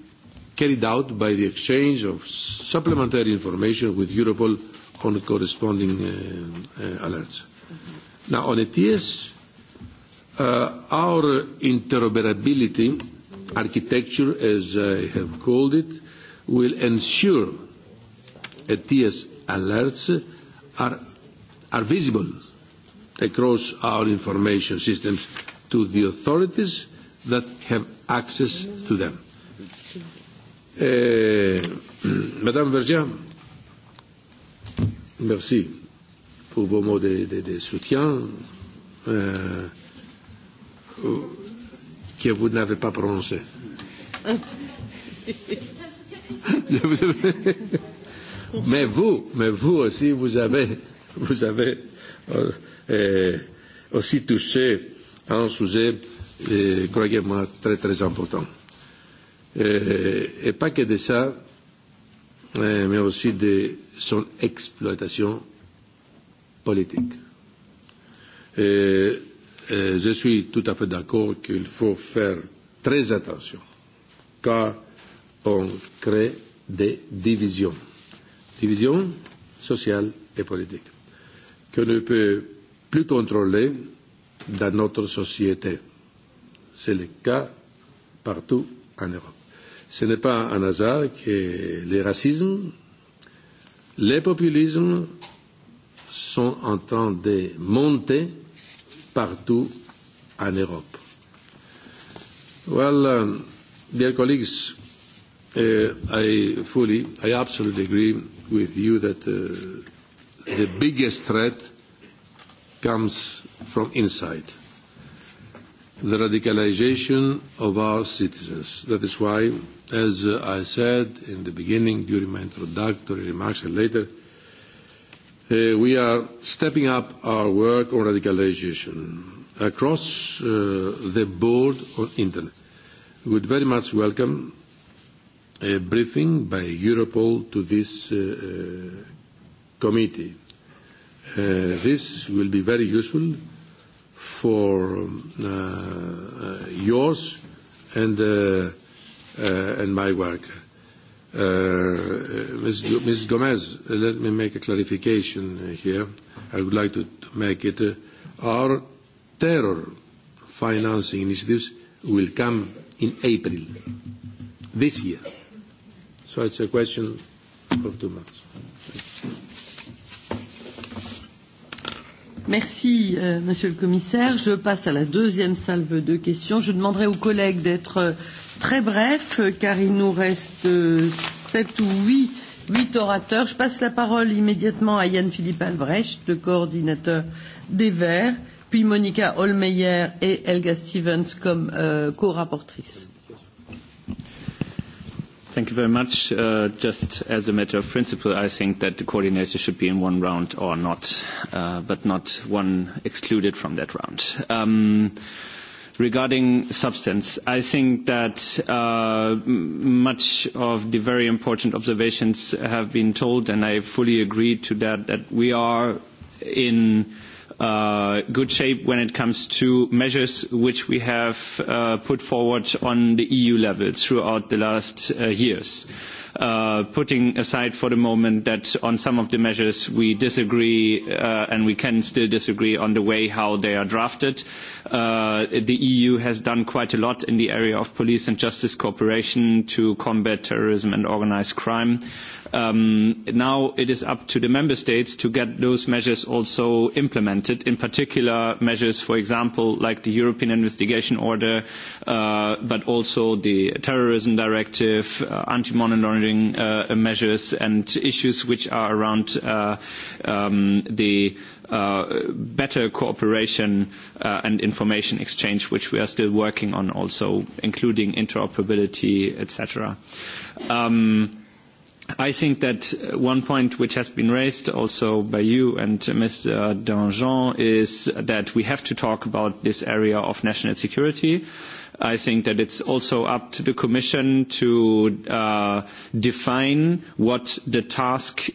Speaker 3: carried out by the exchange of supplementary information with Europol on corresponding uh, uh, alerts. Now, on ETS, uh, our interoperability architecture, as I have called it, will ensure ETS alerts are, are visible across our information systems to the authorities that have access to them. Et, Madame Vergia, merci pour vos mots de, de, de soutien euh, que vous n'avez pas prononcé. mais vous, mais vous aussi, vous avez, vous avez euh, euh aussi touché à un sujet, euh, croyez-moi, très très important euh, et pas que de ça, euh, mais aussi de son exploitation politique. Et, eh, et eh, je suis tout à fait d'accord qu'il faut faire très attention, car on crée des divisions, divisions sociales et politiques, que ne peut plus contrôler dans notre société. C'est le cas partout en Europe. Ce n'est pas un hasard que les racismes, les populismes sont en train de monter partout en Europe. Well, um, dear colleagues, uh, I fully, I absolutely agree with you that uh, the biggest threat comes from inside the radicalization of our citizens. That is why, as I said in the beginning during my introductory remarks and later, uh, we are stepping up our work on radicalization across uh, the board on internet. We would very much welcome a briefing by Europol to this uh, uh committee. Uh, this will be very useful for uh, uh, yours and, uh, and my work. Ms. Ms. Gomez, let me make a clarification here. I would like to make it. Our terror financing initiatives will come in April this year. So it's a question of two months.
Speaker 1: Merci, euh, Monsieur le Commissaire. Je passe à la deuxième salve de questions. Je demanderai aux collègues d'être euh, très brefs, euh, car il nous reste euh, sept ou huit, huit orateurs. Je passe la parole immédiatement à Yann Philippe Albrecht, le coordinateur des Verts, puis Monica Holmeyer et Helga Stevens comme euh, co-rapportrices.
Speaker 9: Thank you very much. Uh, just as a matter of principle, I think that the coordinator should be in one round or not, uh, but not one excluded from that round. Um, regarding substance, I think that uh, much of the very important observations have been told, and I fully agree to that, that we are in Uh, good shape when it comes to measures which we have uh, put forward on the EU level throughout the last uh, years. Uh, putting aside for the moment that on some of the measures we disagree uh, and we can still disagree on the way how they are drafted. Uh, the EU has done quite a lot in the area of police and justice cooperation to combat terrorism and organised crime. Um, now it is up to the member states to get those measures also implemented, in particular measures, for example, like the European investigation order, uh, but also the terrorism directive, uh, anti-money laundering monitoring uh, measures and issues which are around uh, um, the uh, better cooperation and information exchange, which we are still working on also, including interoperability, etc. cetera. Um, I think that one point which has been raised also by you and Mr. Danjean is that we have to talk about this area of national security. I think that it's also up to the Commission to uh, define what the task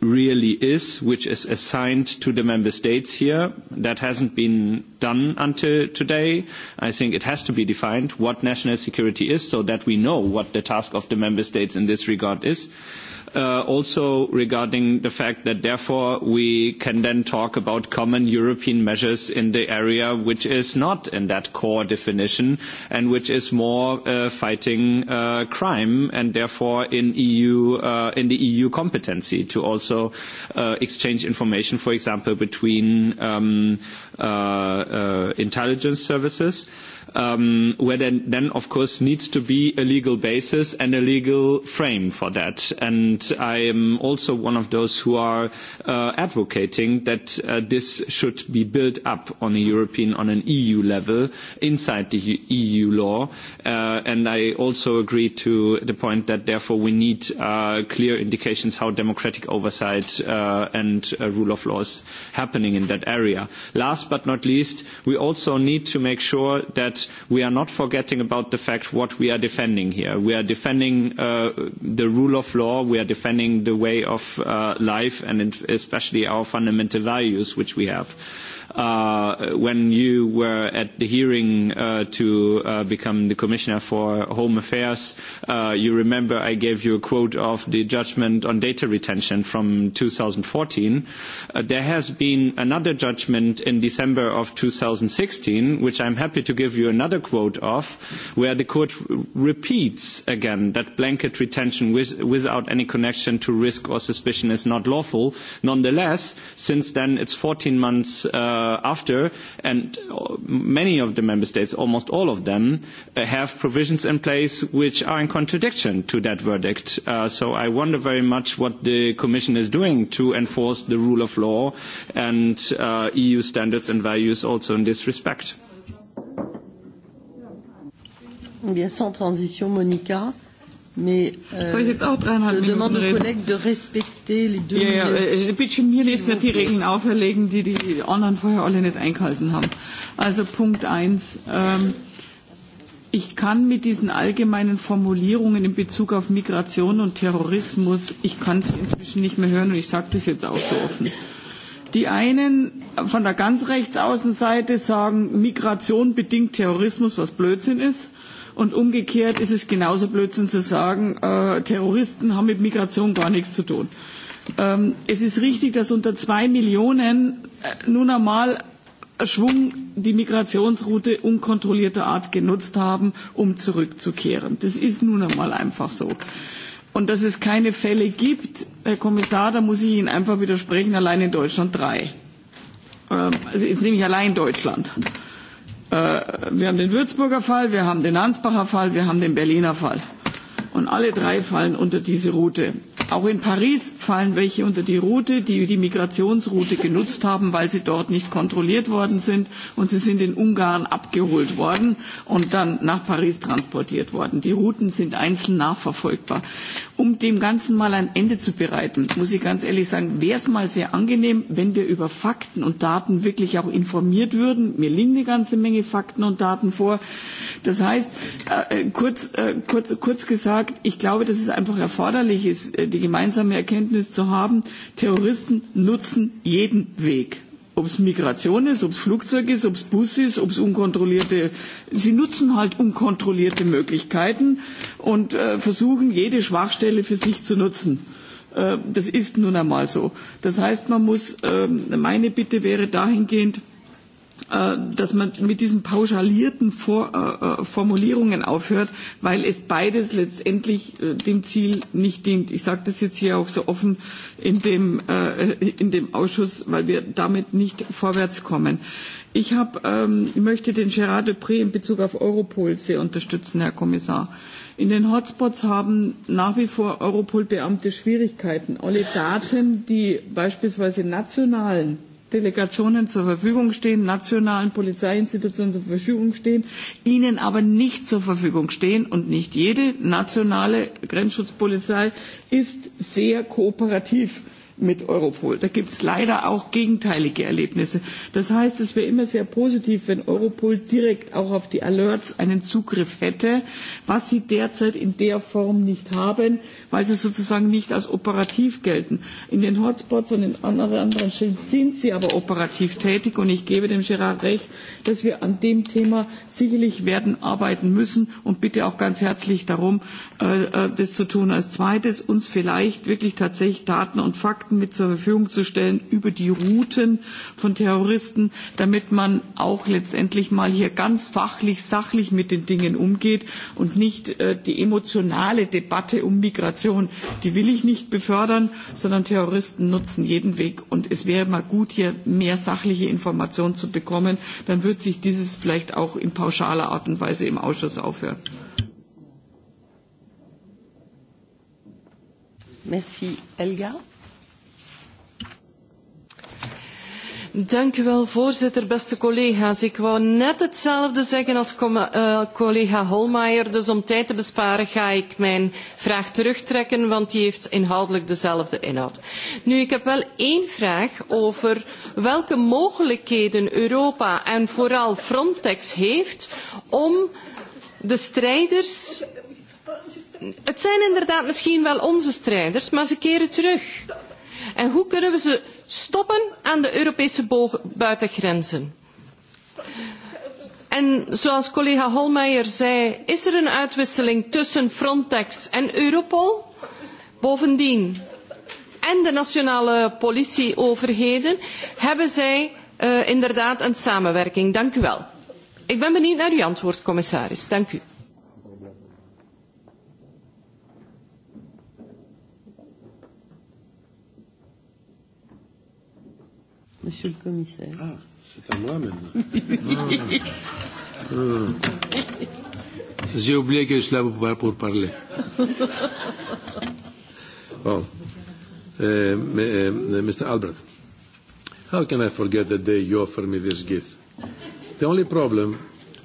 Speaker 9: really is, which is assigned to the member states here. That hasn't been done until today. I think it has to be defined what national security is so that we know what the task of the member states in this regard is. Uh, Uh, also regarding the fact that therefore we can then talk about common European measures in the area which is not in that core definition and which is more uh, fighting uh, crime and therefore in EU uh, in the EU competency to also uh, exchange information, for example, between um, Uh, uh, intelligence services, um, where then, then, of course, needs to be a legal basis and a legal frame for that. And I am also one of those who are uh, advocating that this should be built up on a European, on an EU level, inside the EU law. and I also agree to the point that therefore we need clear indications how democratic oversight and rule of law is happening in that area. Last last but not least, we also need to make sure that we are not forgetting about the fact what we are defending here. We are defending uh, the rule of law, we are defending the way of uh, life, and especially our fundamental values which we have uh, when you were at the hearing uh, to uh, become the Commissioner for Home Affairs, uh, you remember I gave you a quote of the judgment on data retention from 2014. Uh, there has been another judgment in December of 2016, which I'm happy to give you another quote of, where the court repeats again that blanket retention with, without any connection to risk or suspicion is not lawful. Nonetheless, since then it's 14 months uh, uh, after, and many of the member states, almost all of them, uh, have provisions in place which are in contradiction to that verdict. Uh, so I wonder very much what the Commission is doing to enforce the rule of law and uh, EU standards and values also in this respect.
Speaker 1: Eh bien, sans transition, Monica, mais euh, Soll je demande aux collègues
Speaker 10: de respecter AfD, ja, minutes. Ja, äh, bitte mir jetzt nicht die Regeln auferlegen, die die anderen vorher alle nicht eingehalten haben. Also Punkt 1. Ähm, ich kann mit diesen allgemeinen Formulierungen in Bezug auf Migration und Terrorismus, ich kann sie inzwischen nicht mehr hören und ich sage das jetzt auch so offen. Die einen von der ganz Rechtsaußenseite sagen, Migration bedingt Terrorismus, was Blödsinn ist. Und umgekehrt ist es genauso Blödsinn zu sagen, äh, Terroristen haben mit Migration gar nichts zu tun. Ähm, es ist richtig, dass unter zwei Millionen äh, nun einmal Schwung die Migrationsroute unkontrollierter Art genutzt haben, um zurückzukehren. Das ist nun einmal einfach so. Und dass es keine Fälle gibt, Herr Kommissar, da muss ich Ihnen einfach widersprechen, allein in Deutschland drei. Ähm, also ist nämlich allein Deutschland. Äh, Äh, wir haben den Würzburger Fall, wir haben den Ansbacher Fall, wir haben den Berliner Fall. Und alle drei fallen unter diese Route. Auch in Paris fallen welche unter die Route, die die Migrationsroute genutzt haben, weil sie dort nicht kontrolliert worden sind. Und sie sind in Ungarn abgeholt worden und dann nach Paris transportiert worden. Die Routen sind einzeln nachverfolgbar. Um dem Ganzen mal ein Ende zu bereiten, muss ich ganz ehrlich sagen, wäre es mal sehr angenehm, wenn wir über Fakten und Daten wirklich auch informiert würden. Mir liegen eine ganze Menge Fakten und Daten vor. Das heißt, äh, äh kurz, äh, kurz, kurz gesagt, ich glaube, dass es einfach erforderlich ist, äh, die gemeinsame Erkenntnis zu haben, Terroristen nutzen jeden Weg. Ob es Migration ist, ob es Flugzeug ist, ob es Bus ist, ob es unkontrollierte, sie nutzen halt unkontrollierte Möglichkeiten und äh, versuchen jede Schwachstelle für sich zu nutzen. Äh, das ist nun einmal so. Das heißt, man muss, äh, meine Bitte wäre dahingehend, Äh, dass man mit diesen pauschalierten äh, äh, Formulierungen aufhört, weil es beides letztendlich dem Ziel nicht dient. Ich sage das jetzt hier auch so offen in dem, in dem Ausschuss, weil wir damit nicht vorwärts kommen. Ich hab, ähm, möchte den Gérard Depré in Bezug auf Europol sehr unterstützen, Herr Kommissar. In den Hotspots haben nach wie vor Europol-Beamte Schwierigkeiten. Alle Daten, die beispielsweise nationalen Delegationen zur Verfügung stehen, nationalen Polizeiinstitutionen zur Verfügung stehen, ihnen aber nicht zur Verfügung stehen. Und nicht jede nationale Grenzschutzpolizei ist sehr kooperativ mit Europol. Da gibt es leider auch gegenteilige Erlebnisse. Das heißt, es wäre immer sehr positiv, wenn Europol direkt auch auf die Alerts einen Zugriff hätte, was sie derzeit in der Form nicht haben, weil sie sozusagen nicht als operativ gelten. In den Hotspots und in anderen, anderen Stellen sind sie aber operativ tätig und ich gebe dem Gerard recht, dass wir an dem Thema sicherlich werden arbeiten müssen und bitte auch ganz herzlich darum, äh, äh, das zu tun. Als zweites uns vielleicht wirklich tatsächlich Daten und Fakten Daten mit zur Verfügung zu stellen über die Routen von Terroristen, damit man auch letztendlich mal hier ganz fachlich, sachlich mit den Dingen umgeht und nicht äh, die emotionale Debatte um Migration, die will ich nicht befördern, sondern Terroristen nutzen jeden Weg. Und es wäre mal gut, hier mehr sachliche Informationen zu bekommen. Dann wird sich dieses vielleicht auch in pauschaler Art und Weise im Ausschuss aufhören.
Speaker 1: Merci. Helga?
Speaker 10: Dank u wel, voorzitter. Beste collega's, ik wou net hetzelfde zeggen als eh, collega Holmeijer. Dus om tijd te besparen ga ik mijn vraag terugtrekken, want die heeft inhoudelijk dezelfde inhoud. Nu, ik heb wel één vraag over welke mogelijkheden Europa en vooral Frontex heeft om de strijders het zijn inderdaad misschien wel onze strijders, maar ze keren terug. En hoe kunnen we ze stoppen aan de Europese buitengrenzen. En zoals collega Holmeijer zei, is er een uitwisseling tussen Frontex en Europol. Bovendien, en de nationale politieoverheden, hebben zij uh, inderdaad een samenwerking. Dank u wel. Ik ben benieuwd naar uw antwoord, commissaris. Dank u.
Speaker 1: Monsieur le commissaire. Ah, c'est à moi
Speaker 3: maintenant. Ah. Ah. J'ai oublié que je suis là pour parler. Bon. Uh, eh, Mr. Eh, Albert, how can I forget the day you offered me this gift? The only problem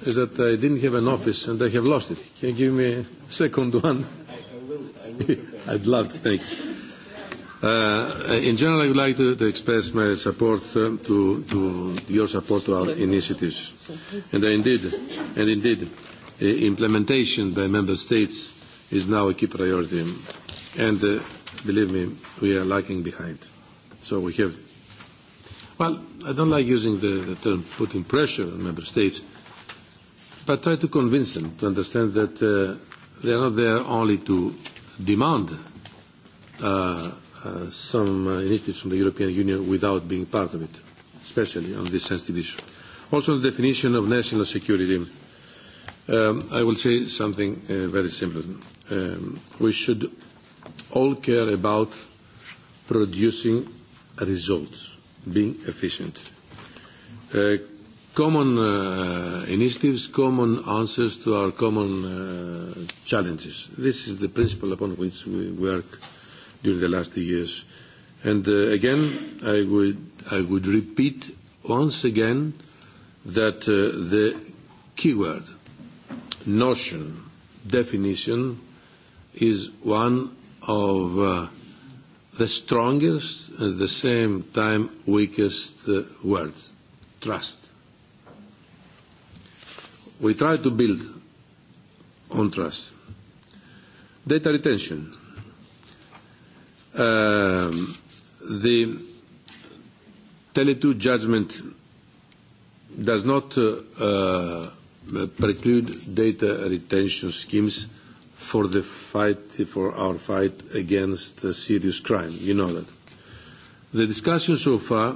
Speaker 3: is that I didn't have an office and I have lost it. Can you give me a second one? I, I will. I will I'd love to. Thank you. Uh, in general, I would like to, to express my support uh, to, to your support to our initiatives. And indeed, and indeed, uh, implementation by member states is now a key priority. And uh, believe me, we are lagging behind. So we have, well, I don't like using the, the term putting pressure on member states, but try to convince them to understand that uh, they are not there only to demand uh, Uh, some uh, initiatives from the European Union without being part of it, especially on this sensitive issue. Also, the definition of national security, um, I will say something uh, very simple. Um, we should all care about producing results, being efficient. Uh, common uh, initiatives, common answers to our common uh, challenges. This is the principle upon which we work during the last years. And uh, again, I would, I would repeat once again that uh, the keyword, notion, definition is one of uh, the strongest, at uh, the same time weakest uh, words, trust. We try to build on trust. Data retention Uh, the Tele2 judgment does not uh, uh, preclude data retention schemes for the fight for our fight against serious crime. You know that. The discussion so far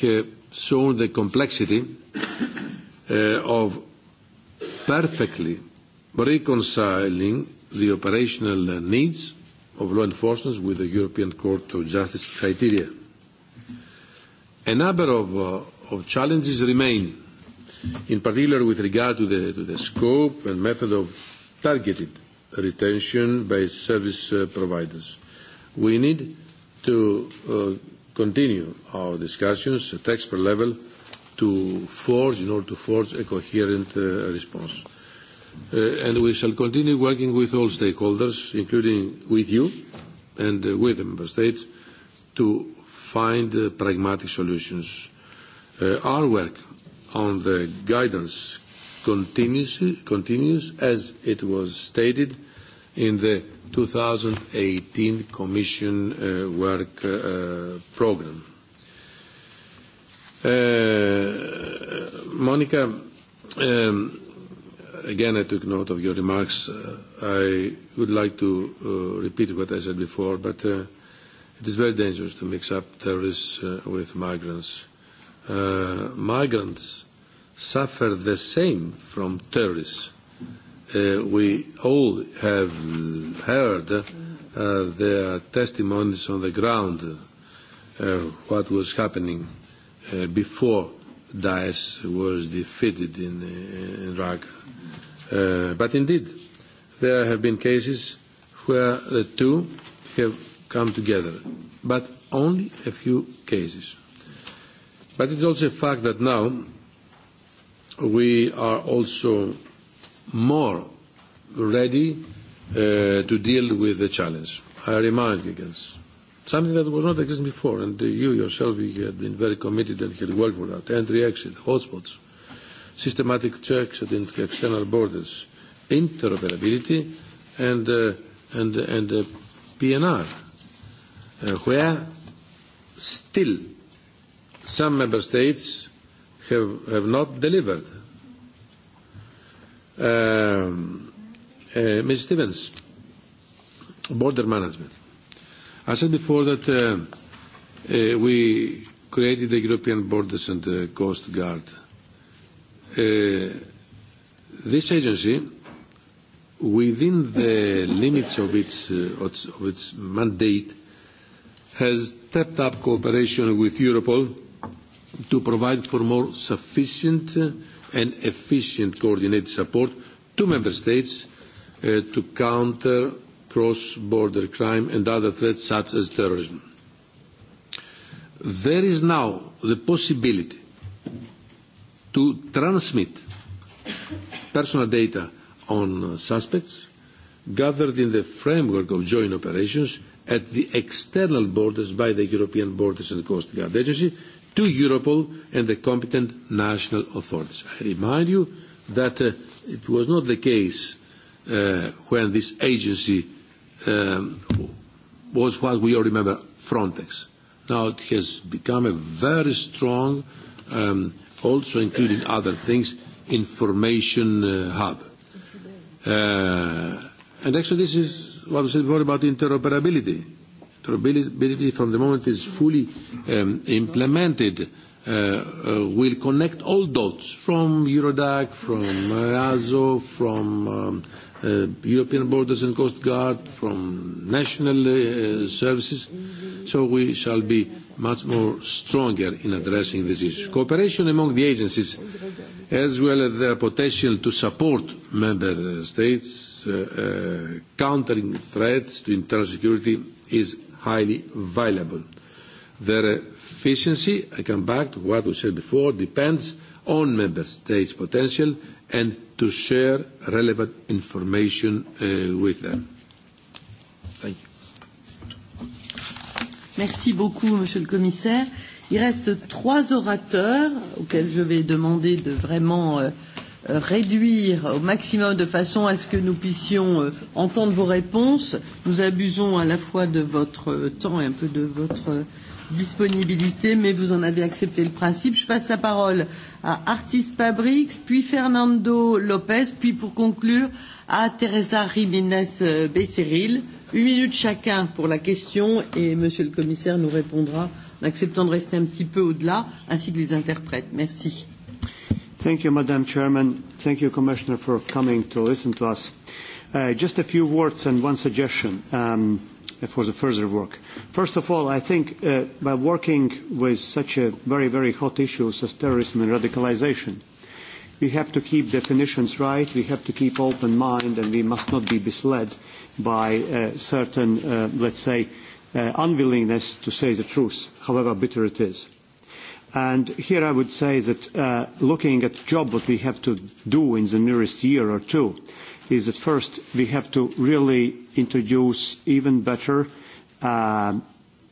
Speaker 3: have shown the complexity uh, of perfectly reconciling the operational needs of law enforcement with the European Court of Justice criteria. A number of, uh, of challenges remain, in particular with regard to the, to the scope and method of targeted retention by service uh, providers. We need to uh, continue our discussions at expert level to forge, in order to forge a coherent uh, response. Uh, and we shall continue working with all stakeholders, including with you and uh, with the member states, to find uh, pragmatic solutions. Uh, our work on the guidance continues, continues as it was stated in the 2018 Commission work program. Monica, um, again, I took note of your remarks. Uh, I would like to uh, repeat what I said before, but uh, it is very dangerous to mix up terrorists uh, with migrants. Uh, migrants suffer the same from terrorists. Uh, we all have heard uh, their testimonies on the ground, uh, what was happening uh, before Daesh was defeated in, uh, in Iraq Uh, but indeed, there have been cases where the two have come together, but only a few cases. But it's also a fact that now we are also more ready uh, to deal with the challenge. I remind you again, something that was not existing before, and you yourself you had been very committed and had worked for that, entry-exit, hotspots systematic checks at external borders, interoperability, and, uh, and, uh, and uh, PNR, uh, where still some member states have, have not delivered. Um, uh, Ms. Stevens, border management. I said before that uh, uh, we created the European Borders and the uh, Coast Guard Eh, this agency, within the limits eh, of its, of its mandate, has stepped up cooperation with Europol to provide for more sufficient eh, and efficient coordinated support to member states uh, to counter cross-border crime and other threats such as terrorism. There is now the possibility to transmit personal data on uh, suspects gathered in the framework of joint operations at the external borders by the European Borders and Coast Guard Agency to Europol and the competent national authorities. I remind you that uh, it was not the case uh, when this agency um, was what we all remember, Frontex. Now it has become a very strong um, also including other things, information uh, hub. Uh, and actually this is what we said before about interoperability. Interoperability from the moment is fully um, implemented uh, uh, will connect all dots from Eurodac, from uh, ASO, from um, uh, European Borders and Coast Guard, from national uh, services. So we shall be much more stronger in addressing this issue. Cooperation among the agencies, as well as their potential to support member states uh, uh, countering threats to internal security, is highly valuable. Their efficiency, I come back to what we said before, depends on member states' potential and to share relevant information uh, with them. Thank
Speaker 1: you. Merci beaucoup, Monsieur le Commissaire. Il reste trois orateurs auxquels je vais demander de vraiment euh, euh, réduire au maximum de façon à ce que nous puissions euh, entendre vos réponses. Nous abusons à la fois de votre temps et un peu de votre euh, disponibilité, mais vous en avez accepté le principe. Je passe la parole à Artis Pabrix, puis Fernando Lopez, puis pour conclure à Teresa Jiménez euh, Becerril. Une minute chacun pour la question et Monsieur le Commissaire nous répondra en acceptant de rester un petit peu au-delà, ainsi que les interprètes. Merci.
Speaker 11: Thank you, Madam Chairman. Thank you, Commissioner, for coming to listen to us. Uh, just a few words and one suggestion. Um, Uh, for the further work. First of all, I think uh, by working with such a very, very hot issues as terrorism and radicalization, we have to keep definitions right, we have to keep open mind, and we must not be misled by uh, certain, uh, let's say, uh, unwillingness to say the truth, however bitter it is. And here I would say that uh, looking at job what we have to do in the nearest year or two, is that first we have to really introduce even better uh,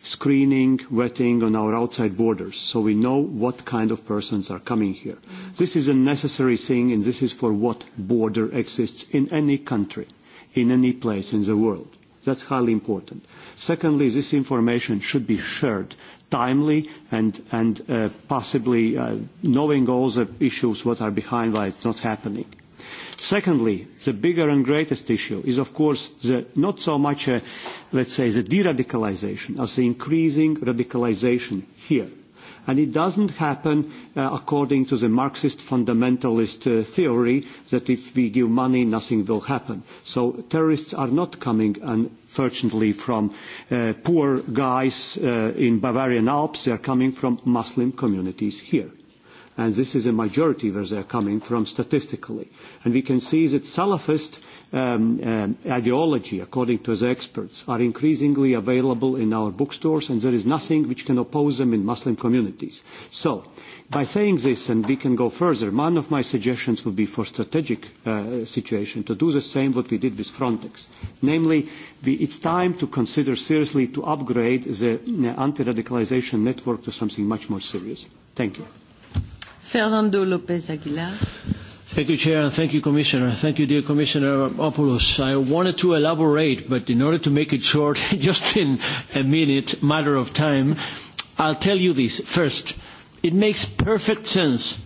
Speaker 11: screening, vetting on our outside borders so we know what kind of persons are coming here. Mm-hmm. This is a necessary thing and this is for what border exists in any country, in any place in the world. That's highly important. Secondly, this information should be shared timely and, and uh, possibly uh, knowing all the issues what are behind why it's not happening. Secondly, the bigger and greatest issue is, of course, the not so much, a, uh, let's say, the de-radicalization as the increasing radicalization here. And it doesn't happen uh, according to the Marxist fundamentalist uh, theory that if we give money, nothing will happen. So terrorists are not coming unfortunately, from uh, poor guys uh, in Bavarian Alps. They are coming from Muslim communities here and this is a majority where they are coming from statistically. And we can see that Salafist um, um, ideology, according to the experts, are increasingly available in our bookstores, and there is nothing which can oppose them in Muslim communities. So, by saying this, and we can go further, one of my suggestions would be for strategic uh, situation to do the same what we did with Frontex. Namely, we, it's time to consider seriously to upgrade the uh, anti-radicalization network to something much more serious. Thank you.
Speaker 1: Fernando Lopez Aguilar.
Speaker 11: Thank you, Chair, and thank you, Commissioner. Thank you, dear Commissioner Opoulos.
Speaker 8: I wanted to elaborate, but in order to make it short, just in a minute, matter of time, I'll tell you this. First, it makes perfect sense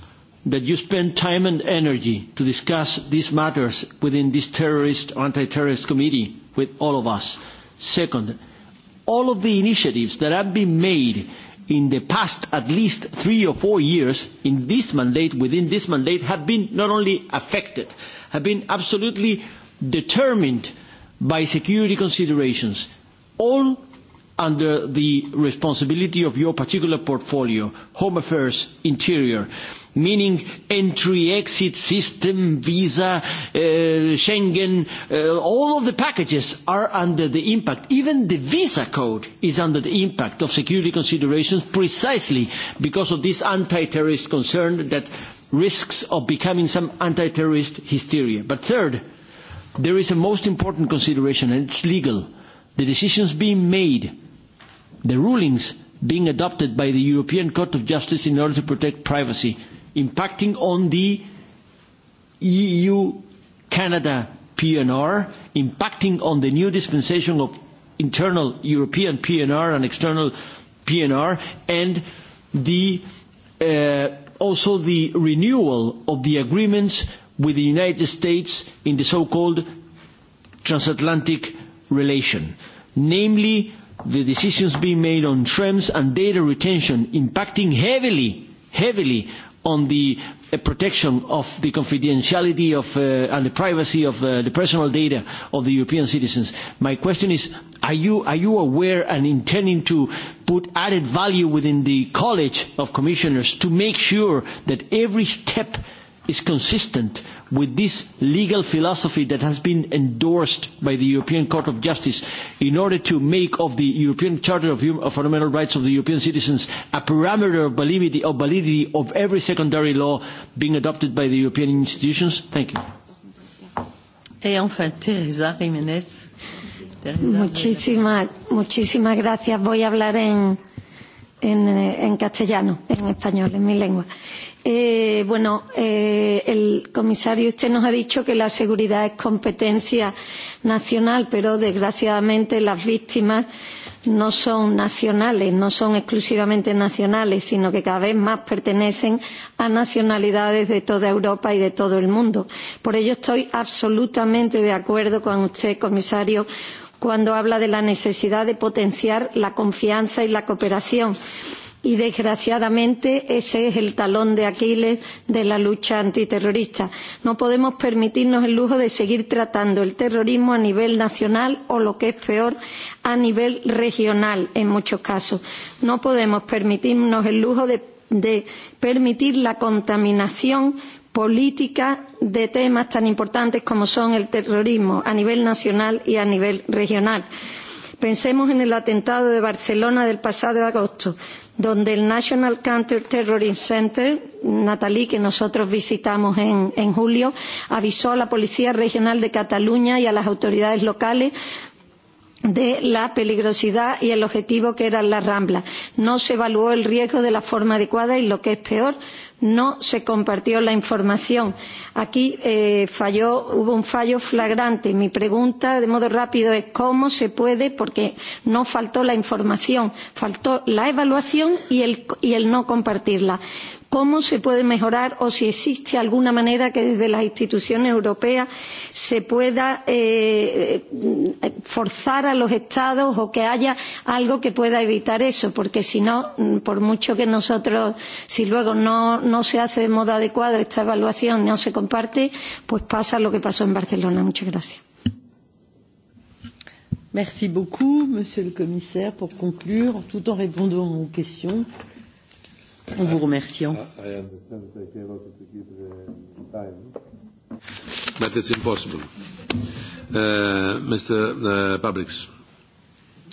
Speaker 8: that you spend time and energy to discuss these matters within this terrorist, anti-terrorist committee with all of us. Second, all of the initiatives that have been made in the past at least three or four years in this mandate, within this mandate, have been not only affected, have been absolutely determined by security considerations. All under the responsibility of your particular portfolio, Home Affairs, Interior, meaning entry-exit system, visa, uh, Schengen, uh, all of the packages are under the impact. Even the visa code is under the impact of security considerations precisely because of this anti-terrorist concern that risks of becoming some anti-terrorist hysteria. But third, there is a most important consideration, and it's legal. The decisions being made the rulings being adopted by the European Court of Justice in order to protect privacy, impacting on the EU-Canada PNR, impacting on the new dispensation of internal European PNR and external PNR, and the, uh, also the renewal of the agreements with the United States in the so-called transatlantic relation, namely the decisions being made on trends and data retention impacting heavily, heavily on the uh, protection of the confidentiality of, uh, and the privacy of uh, the personal data of the European citizens. My question is, are you, are you aware and intending to put added value within the College of Commissioners to make sure that every step is consistent with this legal philosophy that has been endorsed by the European Court of Justice in order to make of the European Charter of, Human, of Fundamental Rights of the European Citizens a parameter of validity, of validity of every secondary law being adopted by the European institutions? Thank you.
Speaker 4: Y enfin, Teresa Jiménez. Muchísimas, muchísimas gracias. Voy a hablar en, en, en castellano, en español, en mi lengua. Eh, bueno, eh, el comisario, usted nos ha dicho que la seguridad es competencia nacional, pero desgraciadamente las víctimas no son nacionales, no son exclusivamente nacionales, sino que cada vez más pertenecen a nacionalidades de toda Europa y de todo el mundo. Por ello estoy absolutamente de acuerdo con usted, comisario, cuando habla de la necesidad de potenciar la confianza y la cooperación y desgraciadamente ese es el talón de Aquiles de la lucha antiterrorista. No podemos permitirnos el lujo de seguir tratando el terrorismo a nivel nacional o, lo que es peor, a nivel regional en muchos casos. No podemos permitirnos el lujo de, de permitir la contaminación política de temas tan importantes como son el terrorismo a nivel nacional y a nivel regional. Pensemos en el atentado de Barcelona del pasado agosto donde el National Counterterrorism Center, Natalí, que nosotros visitamos en, en julio, avisó a la Policía Regional de Cataluña y a las autoridades locales de la peligrosidad y el objetivo que eran las ramblas. No se evaluó el riesgo de la forma adecuada y, lo que es peor, no se compartió la información. Aquí eh, falló, hubo un fallo flagrante. Mi pregunta, de modo rápido, es cómo se puede, porque no faltó la información, faltó la evaluación y el, y el no compartirla cómo se puede mejorar o si existe alguna manera que desde las instituciones europeas se pueda eh, forzar a los Estados o que haya algo que pueda evitar eso, porque si no, mm, por mucho que nosotros, si luego no, no se hace de modo adecuado esta evaluación, no se comparte, pues pasa lo que pasó en Barcelona. Muchas gracias.
Speaker 1: Merci beaucoup, Monsieur le Commissaire, pour conclure, tout en répondant aux questions. Vă vous remerciant.
Speaker 3: Ah, ah, but it's impossible. Uh, Mr. Uh, Pabriks,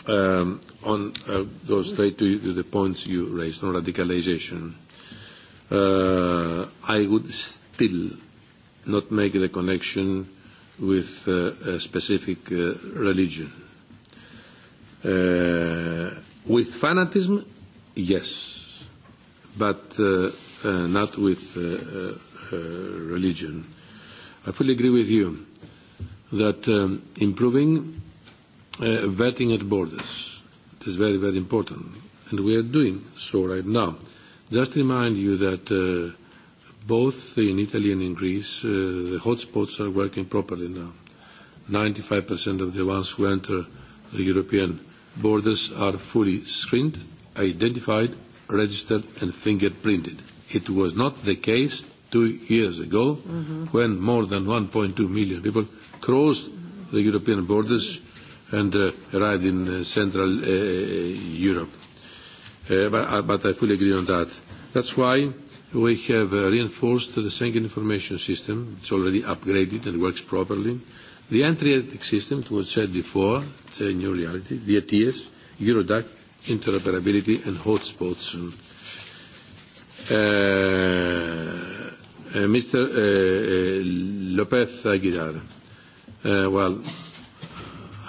Speaker 3: um, on, uh, go straight to, to the points you raised on radicalization. Uh, I would still not make the connection with uh, a specific uh, religion. Uh, with fanatism, yes but uh, uh, not with uh, uh, uh, religion. I fully agree with you that um, improving uh, vetting at borders is very, very important, and we are doing so right now. Just remind you that uh, both in Italy and in Greece, uh, the hotspots are working properly now. 95% of the ones who enter the European borders are fully screened, identified, registered and fingerprinted. It was not the case two years ago mm -hmm. when more than 1.2 million people crossed the European borders and uh, arrived in uh, Central uh, uh, Europe. Uh, but, uh, but I fully agree on that. That's why we have uh, reinforced the Schengen information system. It's already upgraded and works properly. The entry system, it was said before, it's a new reality, the ETS, Eurodac, interoperability and hotspots. Uh, uh, Mr. Uh, uh Lopez Aguilar, uh, well,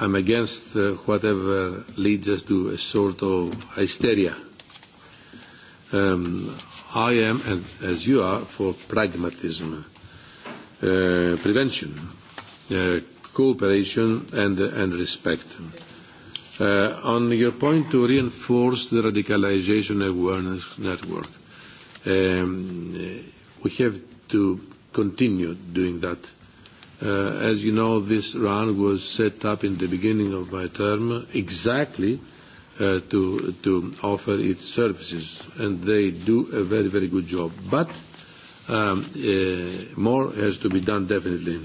Speaker 3: I'm against uh, whatever leads us to a sort of hysteria. Um, I am, and as you are, for pragmatism, prevention, cooperation, and, and respect. Uh, on your point to reinforce the radicalization awareness network, um, uh, we have to continue doing that. Uh, as you know, this run was set up in the beginning of my term exactly uh, to, to offer its services, and they do a very, very good job. But um, uh, more has to be done, definitely.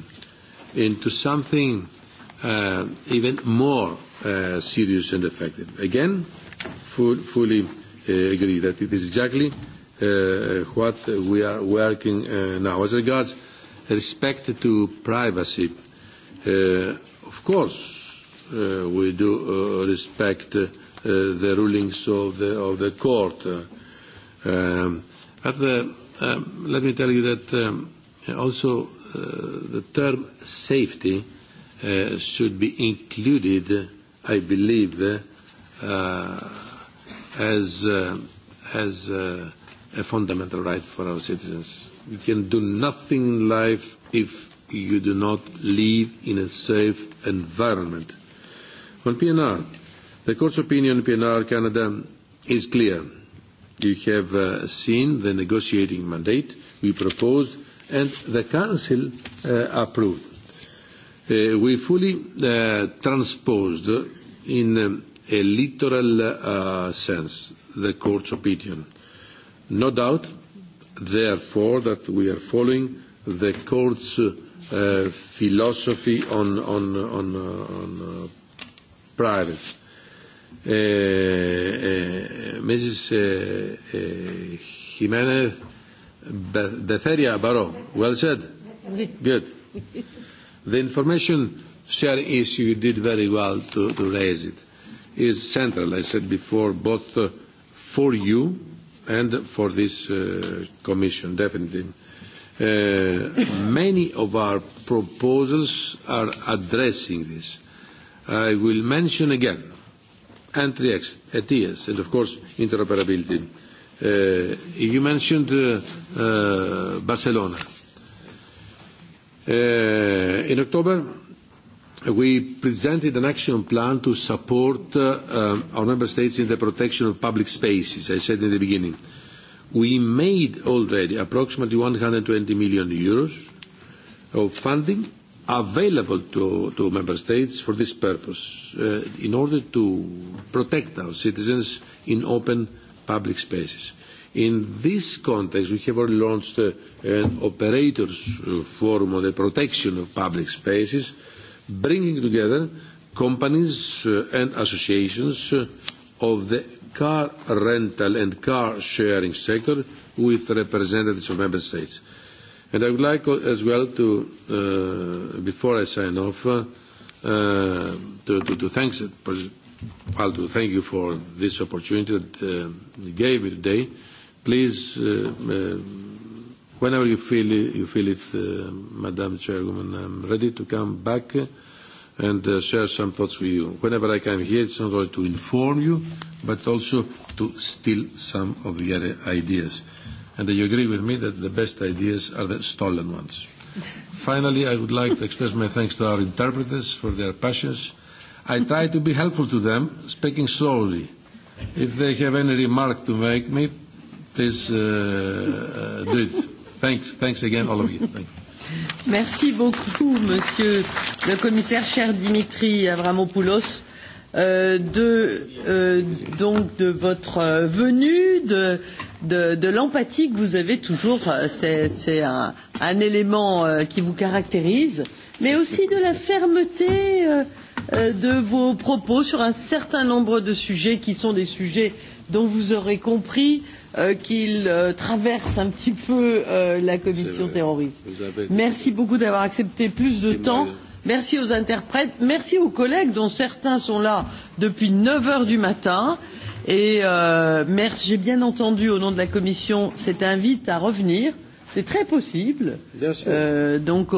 Speaker 3: Into something uh, even more uh, serious and effective. Again, full, fully uh, agree that it is exactly uh, what we are working uh, now. As regards respect to privacy, uh, of course, uh, we do uh, respect uh, the rulings of the, of the court. Uh, um, but the, uh, um, let me tell you that um, also uh, the term safety Uh, should be included, I believe, uh, as, uh, as uh, a fundamental right for our citizens. You can do nothing in life if you do not live in a safe environment. On PNR, the Court's opinion on PNR Canada is clear. You have uh, seen the negotiating mandate we proposed and the Council uh, approved. Eh, we fully uh, transposed in eh, a literal uh, sense the court's opinion. No doubt, therefore, that we are following the court's philosophy on, on, on, on privacy. Mrs. Jimenez Betheria Baro, well said. Good. The information sharing issue, you did very well to, to raise it, is central, I said before, both uh, for you and for this uh, Commission, definitely. Uh, many of our proposals are addressing this. I will mention again entry exit, ETS, and of course interoperability. Uh, you mentioned uh, uh, Barcelona Eh, in October, we presented an action plan to support uh, our member states in the protection of public spaces, I said in the beginning. We made already approximately 120 million euros of funding available to, to member states for this purpose uh, in order to protect our citizens in open public spaces. In this context, we have already launched uh, an operators uh, forum on the protection of public spaces, bringing together companies uh, and associations uh, of the car rental and car sharing sector with representatives of member states. And I would like uh, as well to, uh, before I sign off, uh, uh, to, to, to thank uh, well, to thank you for this opportunity that uh, you gave me today Please, uh, uh, whenever you feel it, you feel it uh, Madam Chairwoman, I'm ready to come back and uh, share some thoughts with you. Whenever I come here, it's not only to inform you, but also to steal some of your ideas. And you agree with me that the best ideas are the stolen ones. Finally, I would like to express my thanks to our interpreters for their passions. I try to be helpful to them, speaking slowly. If they have any remark to make me, Please uh, uh, do it. Thanks, thanks again, all of you. Thank
Speaker 1: you. Merci beaucoup, Monsieur le Commissaire, cher Dimitri Avramopoulos, euh, de, euh, donc de votre euh, venue, de, de, de l'empathie que vous avez toujours. Euh, c'est un, un élément euh, qui vous caractérise, mais aussi de la fermeté de vos propos sur un certain nombre de sujets qui sont des sujets dont vous aurez compris euh, qu'il euh, traverse un petit peu euh, la commission terrorisme. Merci beaucoup d'avoir accepté plus de temps. Mal. Merci aux interprètes, merci aux collègues dont certains sont là depuis 9 heures du matin. Et euh, j'ai bien entendu au nom de la commission cette invite à revenir. C'est très possible. Bien sûr. Euh, donc